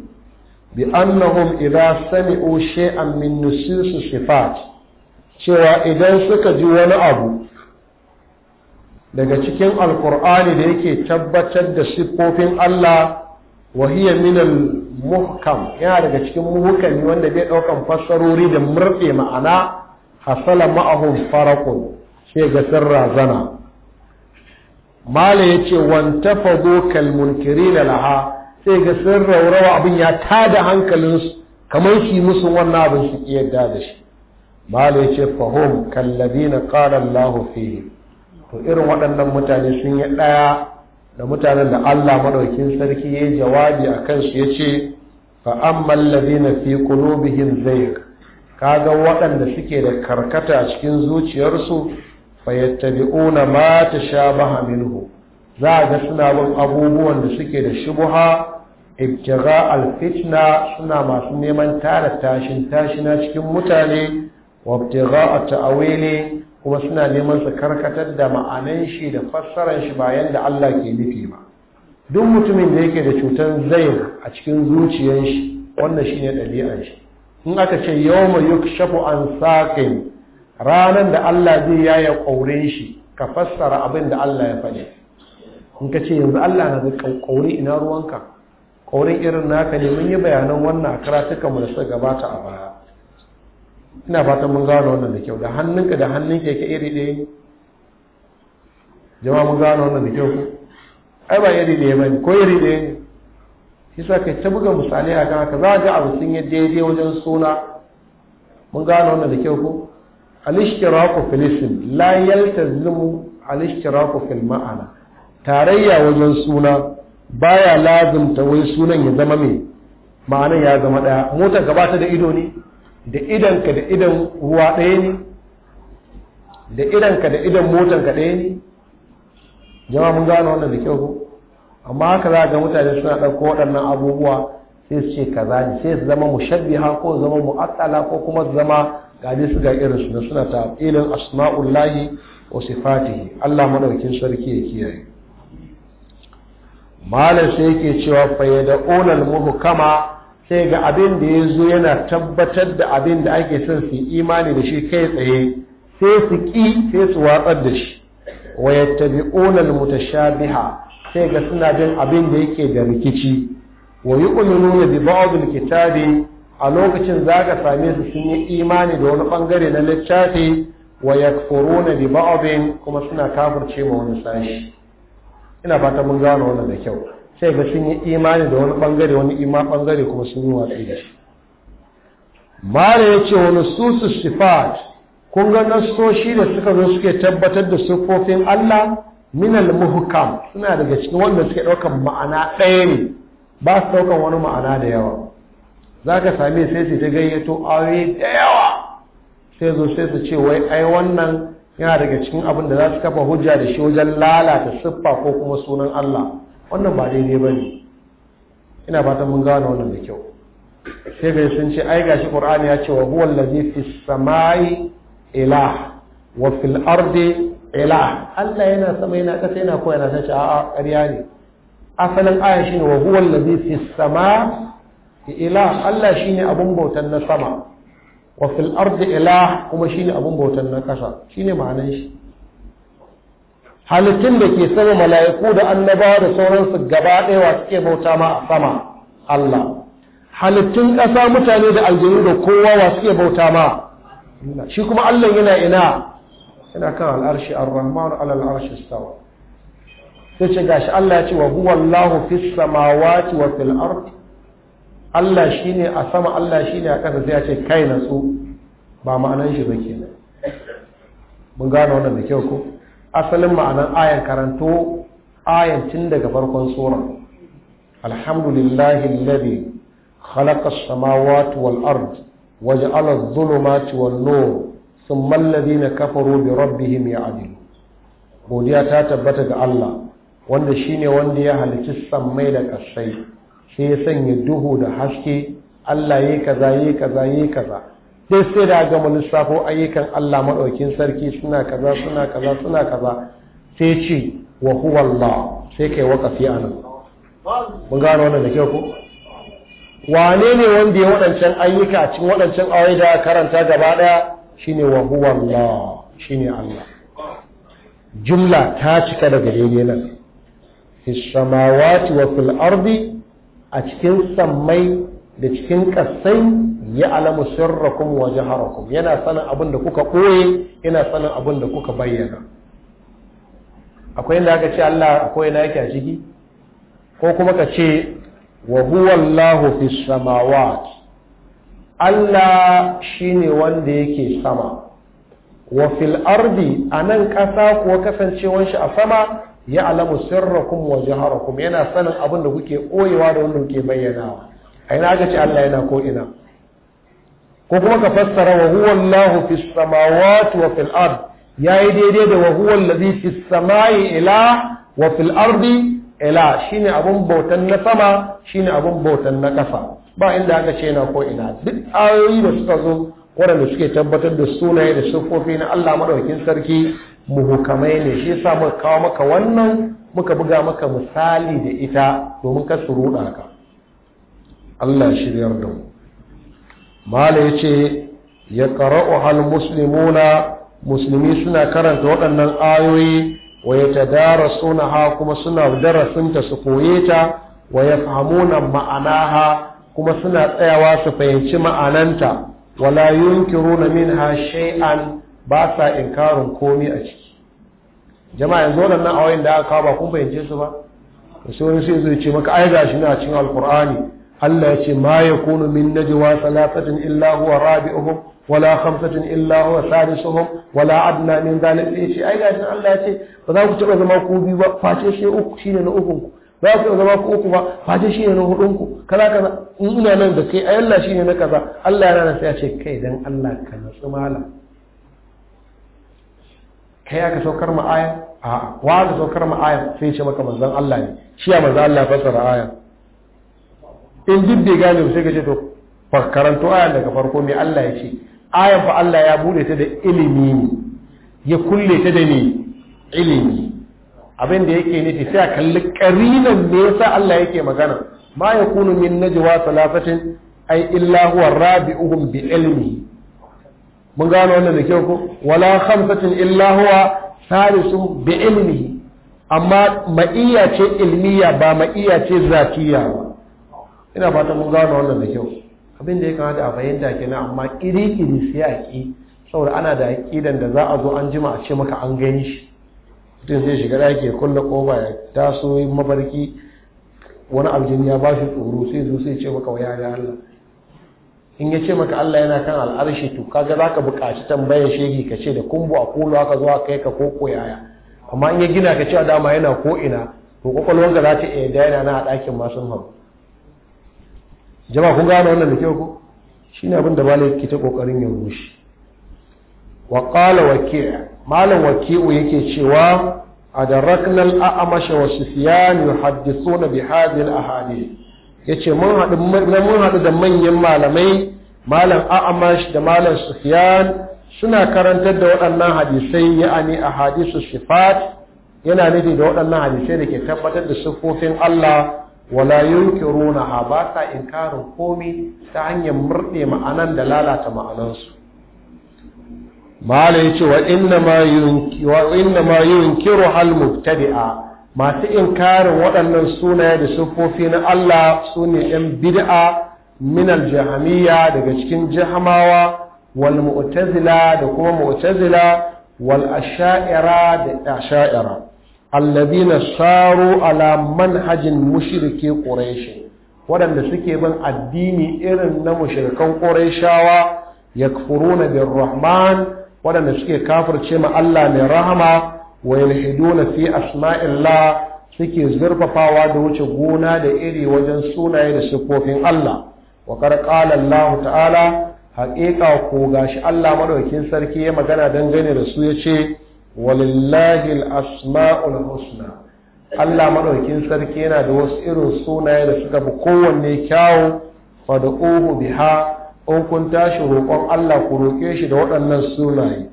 bi annahum idza sami'u shay'an min nusus sifat cewa idan suka ji wani abu daga cikin alkur'ani da yake tabbatar da siffofin Allah wahiyar minal muhkam yana daga cikin muhukami wanda bai ɗaukan fassarori da murfe ma'ana hasala ma'ahun farakun sai ga sun razana mala ya ce wanta fago kalmunkiri da laha sai ga sun raurawa abin ya tada hankalinsu kamar shi musu wannan abin su iya da shi malu ya ce fahim kallabi na ƙarar lahufi to irin waɗannan mutane sun yi ɗaya da mutanen da allah maɗaukin sarki ya yi jawabi a kansu ya ce mallabi na fi ƙulubihin zai kaga waɗanda suke da karkata cikin zuciyarsu fayyattabi'una ma ta sha baha minhu za a ga suna bin abubuwan da suke da shubuha ibtiga alfitna suna masu neman tara tashin tashina cikin mutane wabtigha'a ta'awili kuma suna neman su karkatar da ma'anan shi da fassaran shi bayan da Allah ke nufi ba duk mutumin da yake da cutar zain a cikin zuciyar shi wannan shine dabi'ar shi in aka ce yawma yukshafu an saqin ranan da Allah zai yaya kaurin shi ka fassara abin da Allah ya faɗi in ka ce yanzu Allah na zai kaure ina ruwanka kaure irin naka ne mun yi bayanan wannan a karatukan mu da suka gabata a baya ina fatan mun gano wannan da kyau da hannunka da hannun ka iri ɗaya ne Jama mun gano wannan da kyau ai ba iri ɗaya ba ne ko iri ɗaya ne shi sa kai ta buga misali a kan haka za a ga abu sun yi daidai wajen suna mun gano wannan da kyau ko al-ishtiraku fil ism la yaltazimu al-ishtiraku fil ma'ana tarayya wajen suna baya lazimta wai sunan ya zama mai ma'anan ya zama daya motar gaba ta da ido ne da idanka da idan ruwa ɗaya ne da idanka da idan motanka ɗaya ne jama mun gano wannan da kyau ko amma haka za ga mutane suna ɗauko waɗannan abubuwa sai su ce kaza ne sai su zama mushabbiha ko zama mu'attala ko kuma su zama gaje su ga irin su suna ta ilin asma'ullahi wa sifatihi Allah madaukakin sarki ya kiyaye malam sai yake cewa fayyada ulal muhkama sai ga abin da ya zo yana tabbatar da abin da ake son su yi imani da shi kai tsaye sai su ƙi sai su watsar da shi wa yattabi'una mutashabiha sai ga suna bin abin da yake da rikici wa yu'minuna bi ba'd kitabi a lokacin zaka same su sun yi imani da wani bangare na littafi wa yakfuruna bi ba'd kuma suna kafirce ma wani sashi ina fata mun gano wannan da kyau sai ga sun yi imani da wani bangare wani ima bangare kuma sun yi watsi da shi mara ya ce wani susu sifat kun ga nasoshi da suka zo suke tabbatar da sufofin Allah minal muhkam suna daga cikin wanda suke ɗaukan ma'ana ɗaya ne ba su ɗaukan wani ma'ana da yawa za ka sami sai su ta gayyato aure da yawa sai zo sai su ce wai ai wannan yana daga cikin abin da za su kafa hujja da shi wajen lalata siffa ko kuma sunan Allah wannan ba daidai ba ne ina fatan mun gano wannan da kyau sai bai sun ce ai gashi qur'ani ya ce wa huwa allazi fis samai ilah wa fil ardi ilah Allah yana sama yana kasa yana koya yana tace a'a ƙarya ne asalin aya shine wa huwa allazi fis sama ilah Allah shine abun bautan na sama wa fil ardi ilah kuma shine abun bautan na kasa shine ma'anar shi halittun da ke sama mala'iku da annabawa da sauransu gaba ɗaya wa suke bauta ma a sama Allah halittun ƙasa mutane da aljanu da kowa wa suke bauta ma shi kuma Allah yana ina yana kan al'arshi ar-rahman ala al'arshi stawa sai ce gashi Allah ya ce wa huwa Allahu fis samawati wa fil ard Allah ne a sama Allah shi ne a ƙasa sai ya ce kai natsu ba ma'anan shi ba nan mun gane wannan da kyau ko asalin ma'anar ayan karanto ayan tun daga farkon sura alhamdulillahi alladhi khalaqa as-samawati wal ard waja'ala adh-dhulumati wan nur thumma alladhina kafaru bi rabbihim ya'dilu godiya ta tabbata ga Allah wanda shine wanda ya halicci sammai da ƙasai sai ya sanya duhu da haske Allah yayi kaza yayi kaza yayi kaza Sai sai da gama lissafo ayyukan Allah maɗaukin sarki suna kaza suna kaza suna kaza sai ce wa huwa Allah sai kai wakafi a nan mun gano wannan da kyau ko wane ne wanda ya waɗancan ayyuka cikin waɗancan ayoyi da karanta gaba ɗaya shine wa huwa Allah shine Allah jumla ta cika da gare nan fi samawati wa fil ardi a cikin sammai da cikin kasai ya alamu sirrakum wa jaharakum yana sanin abin da kuka ɓoye yana sanin abin da kuka bayyana akwai inda aka ce Allah akwai na yake a ciki ko kuma ka ce wa huwa Allahu fi samawat Allah shine wanda yake sama wa fil ardi nan ƙasa kuwa kasancewan shi a sama ya alamu sirrakum wa jaharakum yana sanin abin da kuke ɓoyewa da wanda kuke bayyanawa a ina aka ce Allah yana ko'ina. ko kuma ka fassara wa huwa Allahu fis samawati wa fil ard yayi daidai da wa huwa allazi fis samai ila wa fil ardi ila shine abun bautan na sama shine abun bautan na ƙasa ba inda aka ce na ko ina duk ayoyi da suka zo waɗanda suke tabbatar da sunaye da siffofi na Allah madaukin sarki mu muhukamai ne shi yasa muka kawo maka wannan muka buga maka misali da ita domin ka suruɗa ka Allah shiryar da mu mala ya ce ya ƙara'u hal muslimuna musulmi suna karanta waɗannan ayoyi wa ya ta dara suna ha kuma suna darasinta su koye ta wa ya famuna ha kuma suna tsayawa su fahimci ma'ananta wala min ha shay'an ba sa inkarin komi a ciki jama'a yanzu waɗannan ayoyin da aka kawo ba kun fahimce su ba sai wani sai zai ce maka ai gashi ne a cikin alkur'ani Allah ya ce ma ya kunu min najwa thalathatin illa huwa rabi'uhum wala khamsatin illa huwa sadisuhum wala adna min zalik ya ce ai gashin Allah ya ce ba za ku taba zama ku biyu ba face shi uku shine na ukun ba za ku zama ku uku ba face shine na hudun ku kaza kaza in ina nan da kai ai Allah shine na kaza Allah yana nan sai ya ce kai dan Allah ka nutsu malam kai aka saukar mu aya a'a wa aka saukar mu aya sai ya ce maka manzon Allah ne shi ya manzon Allah fasara aya in duk bai gane sai ka ce to karanto ayan daga farko mai Allah ya ce ayan fa Allah ya bude ta da ilimi ne ya kulle ta da ne ilimi abin da yake nufi sai a kalli karinan me yasa Allah yake magana ma kunu min najwa salafatin ai illa huwa rabi'uhum bi ilmi mun gano wannan da kyau ko wala khamsatin illa huwa tharisuhum bi ilmi amma ma'iyya ce ilmiya ba ma'iyya ce zatiya ba ina fata mun gano wannan da kyau abin da ya kamata a fahimta kenan amma kiri-kiri sai a ki saboda ana da aqidan da za a zo an jima a ce maka an gani shi mutum zai shiga ɗaki ya kulle ƙofa ya taso yin mafarki wani aljini ya ba shi tsoro sai zo sai ce maka waya da Allah in ya ce maka Allah yana kan al'arshi to kaga za ka buƙaci tambayar shegi ka ce da kumbu a kulu haka zuwa kai ka ko koyaya amma in ya gina ka a dama yana ko ina to kwakwalwarka za ta iya daina na a ɗakin masu hau jama kun gane wannan da kyau ko ne abin da ba ke ta kokarin ya rushe wa qala wake malam waki'u yake cewa adarakna al-a'mash wa sufyan yuhaddithuna bi na bihadin a mun ce mun haɗu da manyan malamai malam a'mash da malam Sufiyan suna karantar da waɗannan hadisai ya a Hadisu shifat yana nufi da waɗannan hadisai da ke tabbatar da siffofin Allah wala yunkirunaha ba sa inkarin komai ta hanyar murɗe ma'anan da lalata ma'anansu mala yace wa inna ma yunki yunkiru hal mubtadi'a masu inkarin waɗannan sunaye da sufofi na Allah sune yan bid'a min al daga cikin jahamawa wal mu'tazila da kuma mu'tazila wal asha'ira da asha'ira allazina saru ala manhajin mushrike quraish waɗanda suke bin addini irin na mushrikan qurayshawa yakfuruna Rahman. waɗanda suke kafirce ma Allah mai rahama wa yalhiduna fi asma'illah suke zurfafawa da wuce gona da iri wajen sunaye da siffofin Allah wa qala Allah ta'ala haƙiƙa ko gashi Allah madaukakin sarki ya magana dangane da su ya ce? walillahi asmaul husna Allah maɗaukin sarki yana da wasu irin sunaye da suka fi kowanne kyawu fad'uhu biha in kun tashi roƙon Allah ku roƙe shi da waɗannan sunaye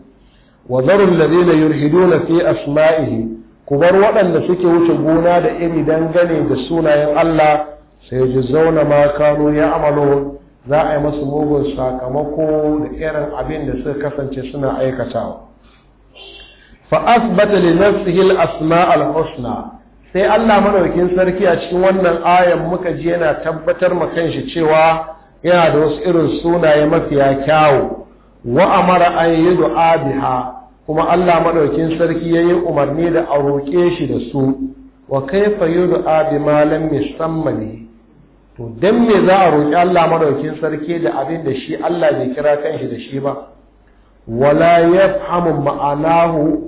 wa na ladina na fi asma'ihi ku bar waɗanda suke wuce gona da iri dangane da sunayen Allah sai ji zauna ma kanu ya amalo za a yi masu mugun sakamako da irin abin da suka kasance suna aikatawa fa asbata li nafsihi asma al-husna sai Allah maɗaukin sarki a cikin wannan ayan muka ji yana tabbatar ma kanshi cewa yana da wasu irin sunaye mafiya kyawu wa amara an du'a biha kuma Allah maɗaukin sarki yayi umarni da a roƙe shi da su wa kaifa yud'a bima lam yusammani to dan me za a roƙi Allah madaukin sarki da abin da shi Allah bai kira kanshi da shi ba wala yafhamu ma'anahu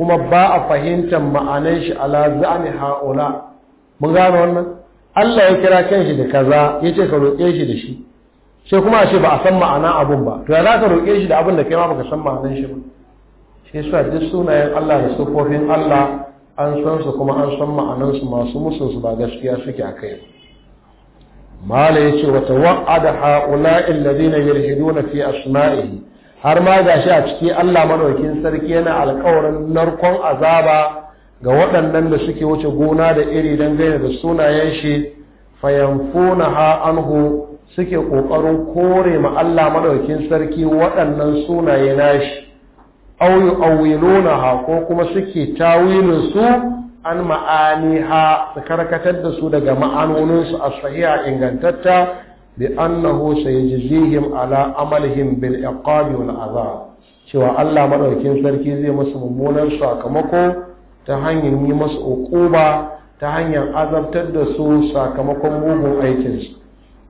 kuma ba a fahimtar ma'anan shi ala za'ani ha'ula mun gano wannan Allah ya kira kanshi da kaza ya ce ka roƙe shi da shi sai kuma a ce ba a san ma'ana abun ba to ya za ka roƙe shi da abin da kai ma baka san ma'anan shi ba shi yasa duk sunayen Allah da sufofin Allah an san su kuma an san ma'anan su masu musun su ba gaskiya suke a kai mala yace wa tawaqqada ha'ula'i alladhina yulhiduna fi asma'ihi har ma ga shi a ciki Allah madaukin sarki yana alkawarin narkon azaba ga waɗannan da suke wuce gona da iri don gaina da sunayen shi fayamfuna ha anhu suke ƙoƙarin kore ma Allah madaukin sarki waɗannan sunaye nashi auyu awiluna ha ko kuma suke tawilin su an ma'ani ha su karkatar da su daga ma'anoninsu a sahiha ingantatta بأنه سيجزيهم على عملهم بالعقاب والعذاب cewa Allah madaukakin sarki zai masu mummunan sakamako ta hanyar yi musu uquba ta hanyar azabtar da su sakamakon mugun aikinsu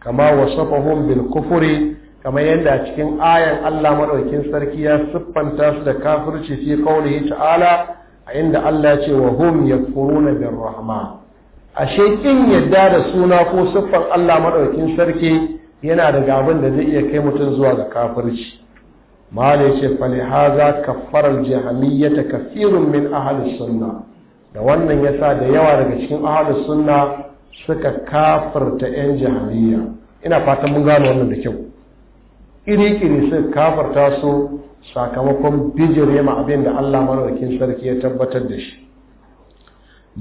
kama wasafahum bil kufuri kamar yadda cikin ayan Allah madaukakin sarki ya siffanta su da kafirci fi qaulihi ta'ala a inda Allah ya ce wa hum yakfuruna bir rahman ashe kin yadda da suna ko siffar Allah maɗaukin sarki yana da gaban da zai iya kai mutum zuwa ga kafirci mala yace falihaza kaffaral ta kafirun min ahli sunna da wannan yasa da yawa daga cikin ahli sunna suka kafirta yan jahmiyya ina fatan mun gano wannan da kyau iri kiri suka kafirta su sakamakon bijire ma abin da Allah madaukin sarki ya tabbatar da shi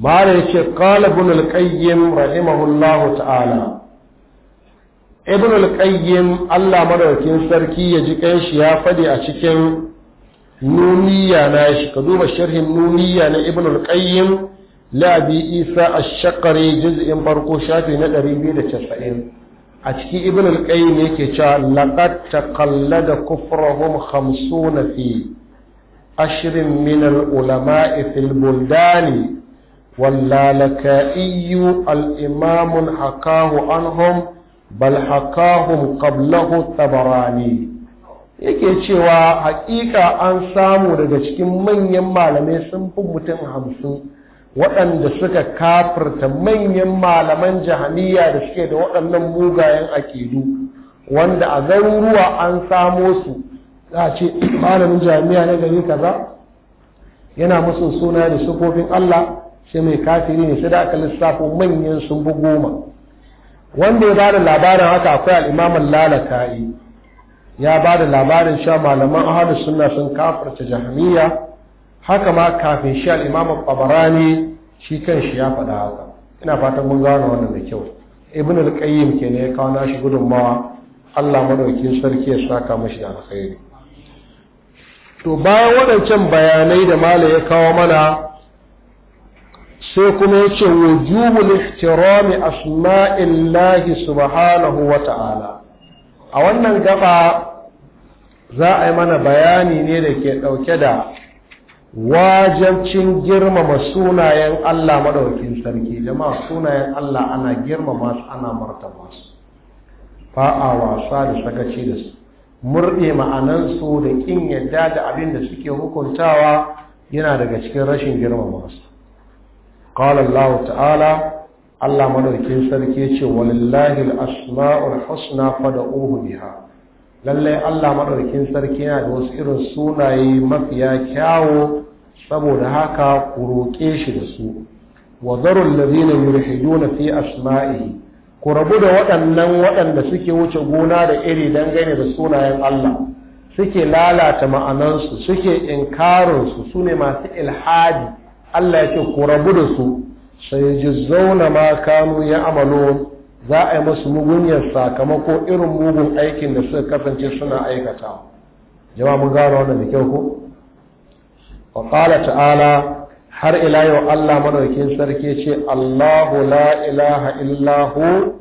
ce ya ce ƙalibin alƙayyim rahimahullahu ta'ala ibn alƙayyim allah madaukin sarki ya ji ƙanshi ya faɗi a cikin nuniya na shi ka duba sharhin nuniya na ibn alƙayyim labi isa a shakare juz'in farko shafi na 290 a ciki ibn alƙayyim yake cewa laqad taqallada kufrahum 50 fi ashrin min al-ulama'i fil buldani واللالكائي الإمام حكاه عنهم بل حكاهم قبله الطبراني yake cewa hakika an samu daga cikin manyan malamai sun fi mutum hamsin waɗanda suka kafirta manyan malaman jahaniya da suke da waɗannan mugayen akidu wanda a garuruwa an samo su za a ce malamin jami'a na gari kaza yana musu suna da sufofin Allah shi mai kafi ne sai da aka lissafo manyan sun bi goma wanda ya bada labarin haka akwai al'imaman lalaka'i ya bada labarin sha malaman ahadu sunna sun kafarta jahmiya haka ma kafin shi al'imaman ƙabarani shi kan shi ya faɗa haka ina fatan mun gano wannan da kyau ibn al-qayyim kenan ya kawo nashi gudunmawa Allah madaukakin sarki ya saka mashi alkhairi to bayan waɗancan bayanai da mala ya kawo mana sai kuma ya ce wujubul ihtirami asma'illahi subhanahu wa ta'ala a wannan gaba za a yi mana bayani ne da ke ɗauke da wajabcin girmama sunayen Allah madaukin sarki jama'a sunayen Allah ana girmama su ana martaba su fa'a wasa da sakaci da su murɗe ma'anansu da ƙin yadda da abin da suke hukuntawa yana daga cikin rashin girmama su qala Allah ta'ala Allah maɗaukin sarki ce walillahi al-asma'ul husna fad'uhu biha Lallai Allah maɗaukin sarki yana da wasu irin sunaye mafiya kyawo saboda haka ku roƙe shi da su wa darul ladina yulhiduna fi asma'ihi ku rabu da waɗannan waɗanda suke wuce gona da iri dangane da sunayen Allah suke lalata ma'anansu suke inkarinsu su ne masu ilhadi Allah ya ce ku rabu da su sai ji zauna ma kanu ya amalo za a yi musu mugunyar sakamako irin mugun aikin da suka kasance suna aikata jama mun gano wannan da kyau ko wa qala ta'ala har ila yau Allah madaukakin sarki ce Allahu la ilaha illahu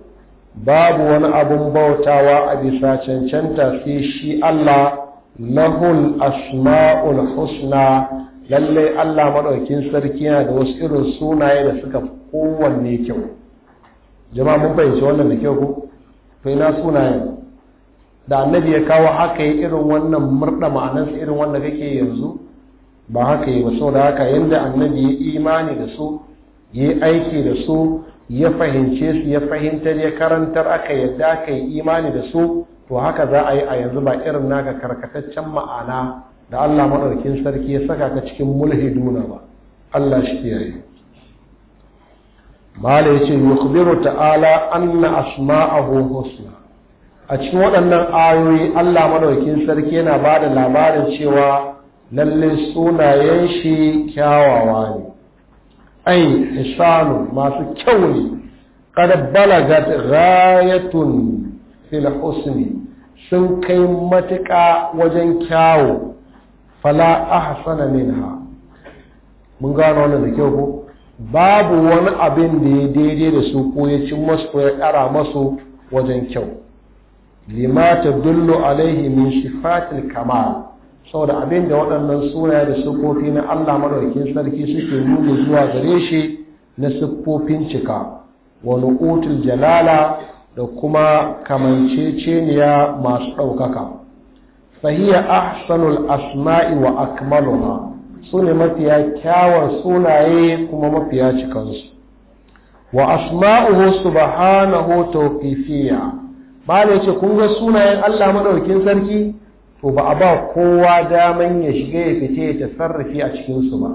babu wani abun bautawa a bisa cancanta sai shi Allah lahul asma'ul husna lallai Allah maɗaukin sarki yana da wasu irin sunaye da suka kowanne kyau jama'a mun fahimci wannan da kyau ko to ina sunaye. da annabi ya kawo haka yi irin wannan murda ma'anarsa irin wanda kake yanzu ba haka yi ba saboda haka yanda annabi ya imani da su ya aiki da su ya fahimce su ya fahimtar ya karantar aka yadda aka yi imani da su to haka za a yi a yanzu ba irin naka karkataccen ma'ana da Allah maɗaukin sarki ya saka ka cikin mulhiduna ba Allah shi kiyaye mala yace yukhbiru ta'ala anna asma'ahu husna a cikin waɗannan ayoyi Allah maɗaukin sarki yana ba da labarin cewa lalle sunayen shi kyawawa ne ai isanu masu kyau ne kada balagat ghayatun fil husni sun kai matuƙa wajen kyawu fala ahsana minha mun gano wannan da kyau ko babu wani abin da ya daidai da su ko ya ci masu ko ya ƙara masu wajen kyau lima ta dullo alaihi min shifatil kamal saboda abin da waɗannan sunaye da siffofi na Allah madaukin sarki suke nuna zuwa gare shi na siffofin cika wani otul jalala da kuma kamanceceniya masu ɗaukaka fahiya ahsanul asma'i wa akmaluha su ne mafiya kyawar sunaye kuma mafiya cikansu wa asma'uhu subhanahu tawqifiyya bale ce kun ga sunayen Allah madaukin sarki to ba a ba kowa daman ya shiga ya fice ya tasarrufi a cikin su ba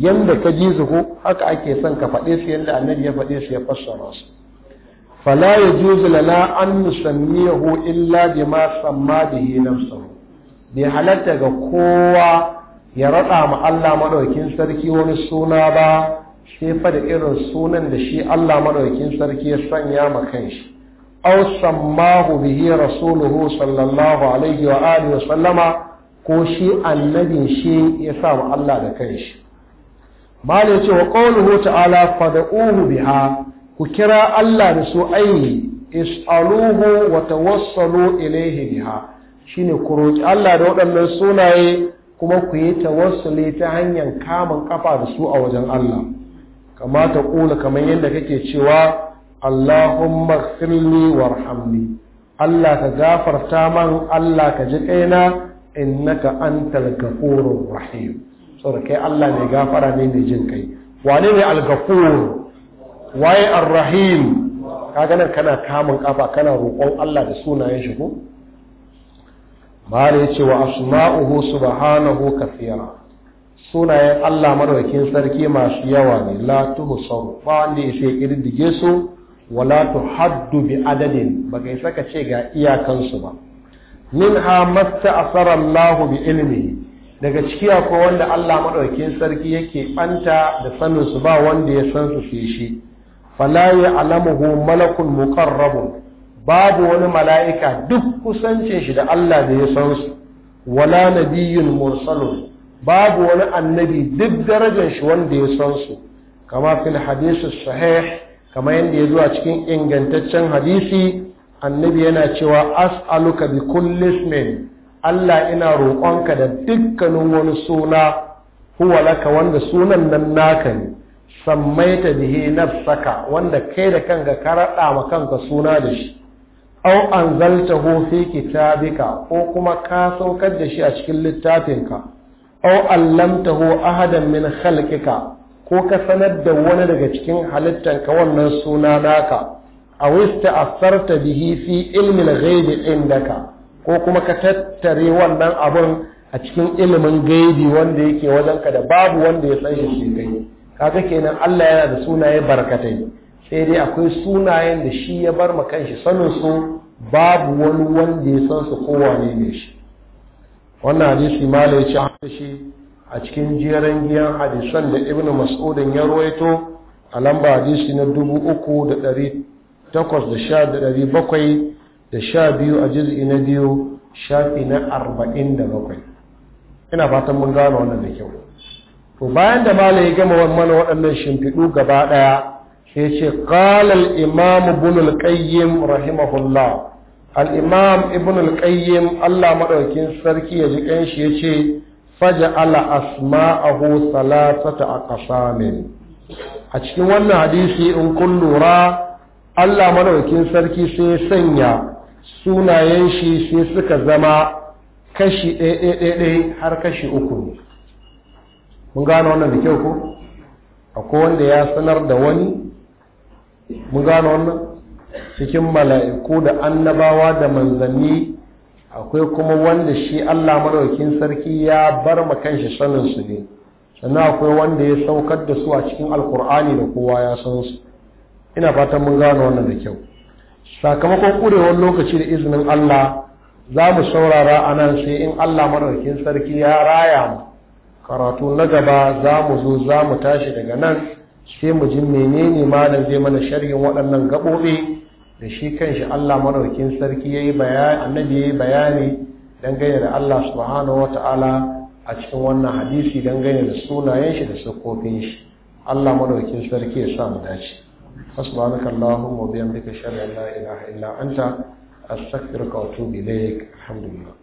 yanda ka ji su ko haka ake son ka faɗe su yanda annabi ya faɗe su ya fassara su fala yajuzu lana an nusammiyahu illa bima samma bihi nafsuhu bai halatta ga kowa ya raɗa ma Allah maɗaukin sarki wani suna ba sai fa da irin sunan da shi Allah maɗaukin sarki ya sanya ma kanshi aw sammahu bihi rasuluhu sallallahu alaihi wa alihi wa sallama ko shi annabin shi ya sa ma Allah da kanshi malai ce wa qawluhu ta'ala fad'uhu biha ku kira Allah da su ayi is'aluhu wa tawassalu ilayhi biha shine ku roƙi Allah da waɗannan sunaye kuma ku yi tawassuli ta hanyar kamun ƙafa da su a wajen Allah kamata ƙula kamar yadda kake cewa Allahumma firli warhamni Allah ka gafarta man Allah ka ji kaina innaka antal ghafurur rahim saboda kai Allah mai gafara ne mai jin kai wane ne al-ghafur waye ar-rahim kaga nan kana kamun ƙafa kana roƙon Allah da sunayen shi ko bari ya ce wa asma'uhu subhanahu kafira sunayen Allah madaukakin sarki masu yawa ne la tuhsaru ba wanda yake kirdige su wala tuhaddu bi adadin ba yi saka ce ga iyakansu ba minha masta asara Allah bi ilimi. daga ciki akwai wanda Allah madaukakin sarki yake banta da sanin su ba wanda ya san su sai shi fala alamuhu malakun muqarrabun babu wani mala'ika duk kusancin shi da Allah da ya san su wala na nabiyyun mursalun babu wani annabi duk darajar shi wanda ya san su kama fil hadisu sahih kama yadda ya zuwa cikin ingantaccen hadisi annabi yana cewa as'aluka bi kullis men, Allah ina roƙonka da dukkanin wani suna huwa laka wanda sunan nan naka ne sammaita bihi saka, wanda kai da kanka ka raɗa ma kanka suna da shi au anzaltahu fi kitabika ko kuma ka saukar da shi a cikin littafinka au allamtahu ahadan min khalqika ko ka sanar da wani daga cikin halittanka wannan suna naka a wista asarta bihi fi ilmin gaibi indaka ko kuma ka tattare wannan abun a cikin ilimin gaibi wanda yake wajenka da babu wanda ya san shi kai kaga kenan Allah yana da sunaye barkatai sai dai akwai sunayen da shi ya bar ma shi sanin su babu wani wanda ya san su kowane ne shi wannan hadisi mala ya ce shi a cikin jeren giyan hadisan da ibn mas'udin ya ruwaito a lamba hadisi na dubu uku da sha biyu a jiz'i na biyu shafi na arba'in da bakwai ina fatan mun gano wannan da kyau to bayan da mala ya gama mana waɗannan shimfiɗu gaba ɗaya sai ce qalal imam ibn al-qayyim rahimahullah al-imam ibn al-qayyim Allah madaukin sarki ya ji kanshi faja faja'ala asma'ahu salasata aqsamin a cikin wannan hadisi in kun lura Allah madaukin sarki sai ya sanya sunayen shi sai suka zama kashi ɗaya har kashi uku ne mun gano wannan da kyau ko akwai wanda ya sanar da wani mun gano wannan cikin mala'iku da annabawa da manzanni akwai kuma wanda shi Allah madaukakin sarki ya bar ma kanshi sanin su ne sannan akwai wanda ya saukar da su a cikin alkur'ani da kowa ya san su ina fatan mun gano wannan da kyau sakamakon kurewar lokaci da izinin Allah za mu saurara a nan sai in Allah madaukakin sarki ya raya mu karatu na gaba za mu zo za mu tashi daga nan sai mu ji menene malam zai mana sharhin waɗannan gaɓoɓe da shi kanshi Allah maraukin sarki yayi bayani annabi yayi yi bayani dangane da Allah subhanahu wa a cikin wannan hadisi dangane da sunayen shi da sukofin shi Allah maɗaukin sarki ya sa mu dace subhanaka allahumma wa bihamdika shalla la ilaha illa anta astaghfiruka wa atubu ilaik alhamdulillah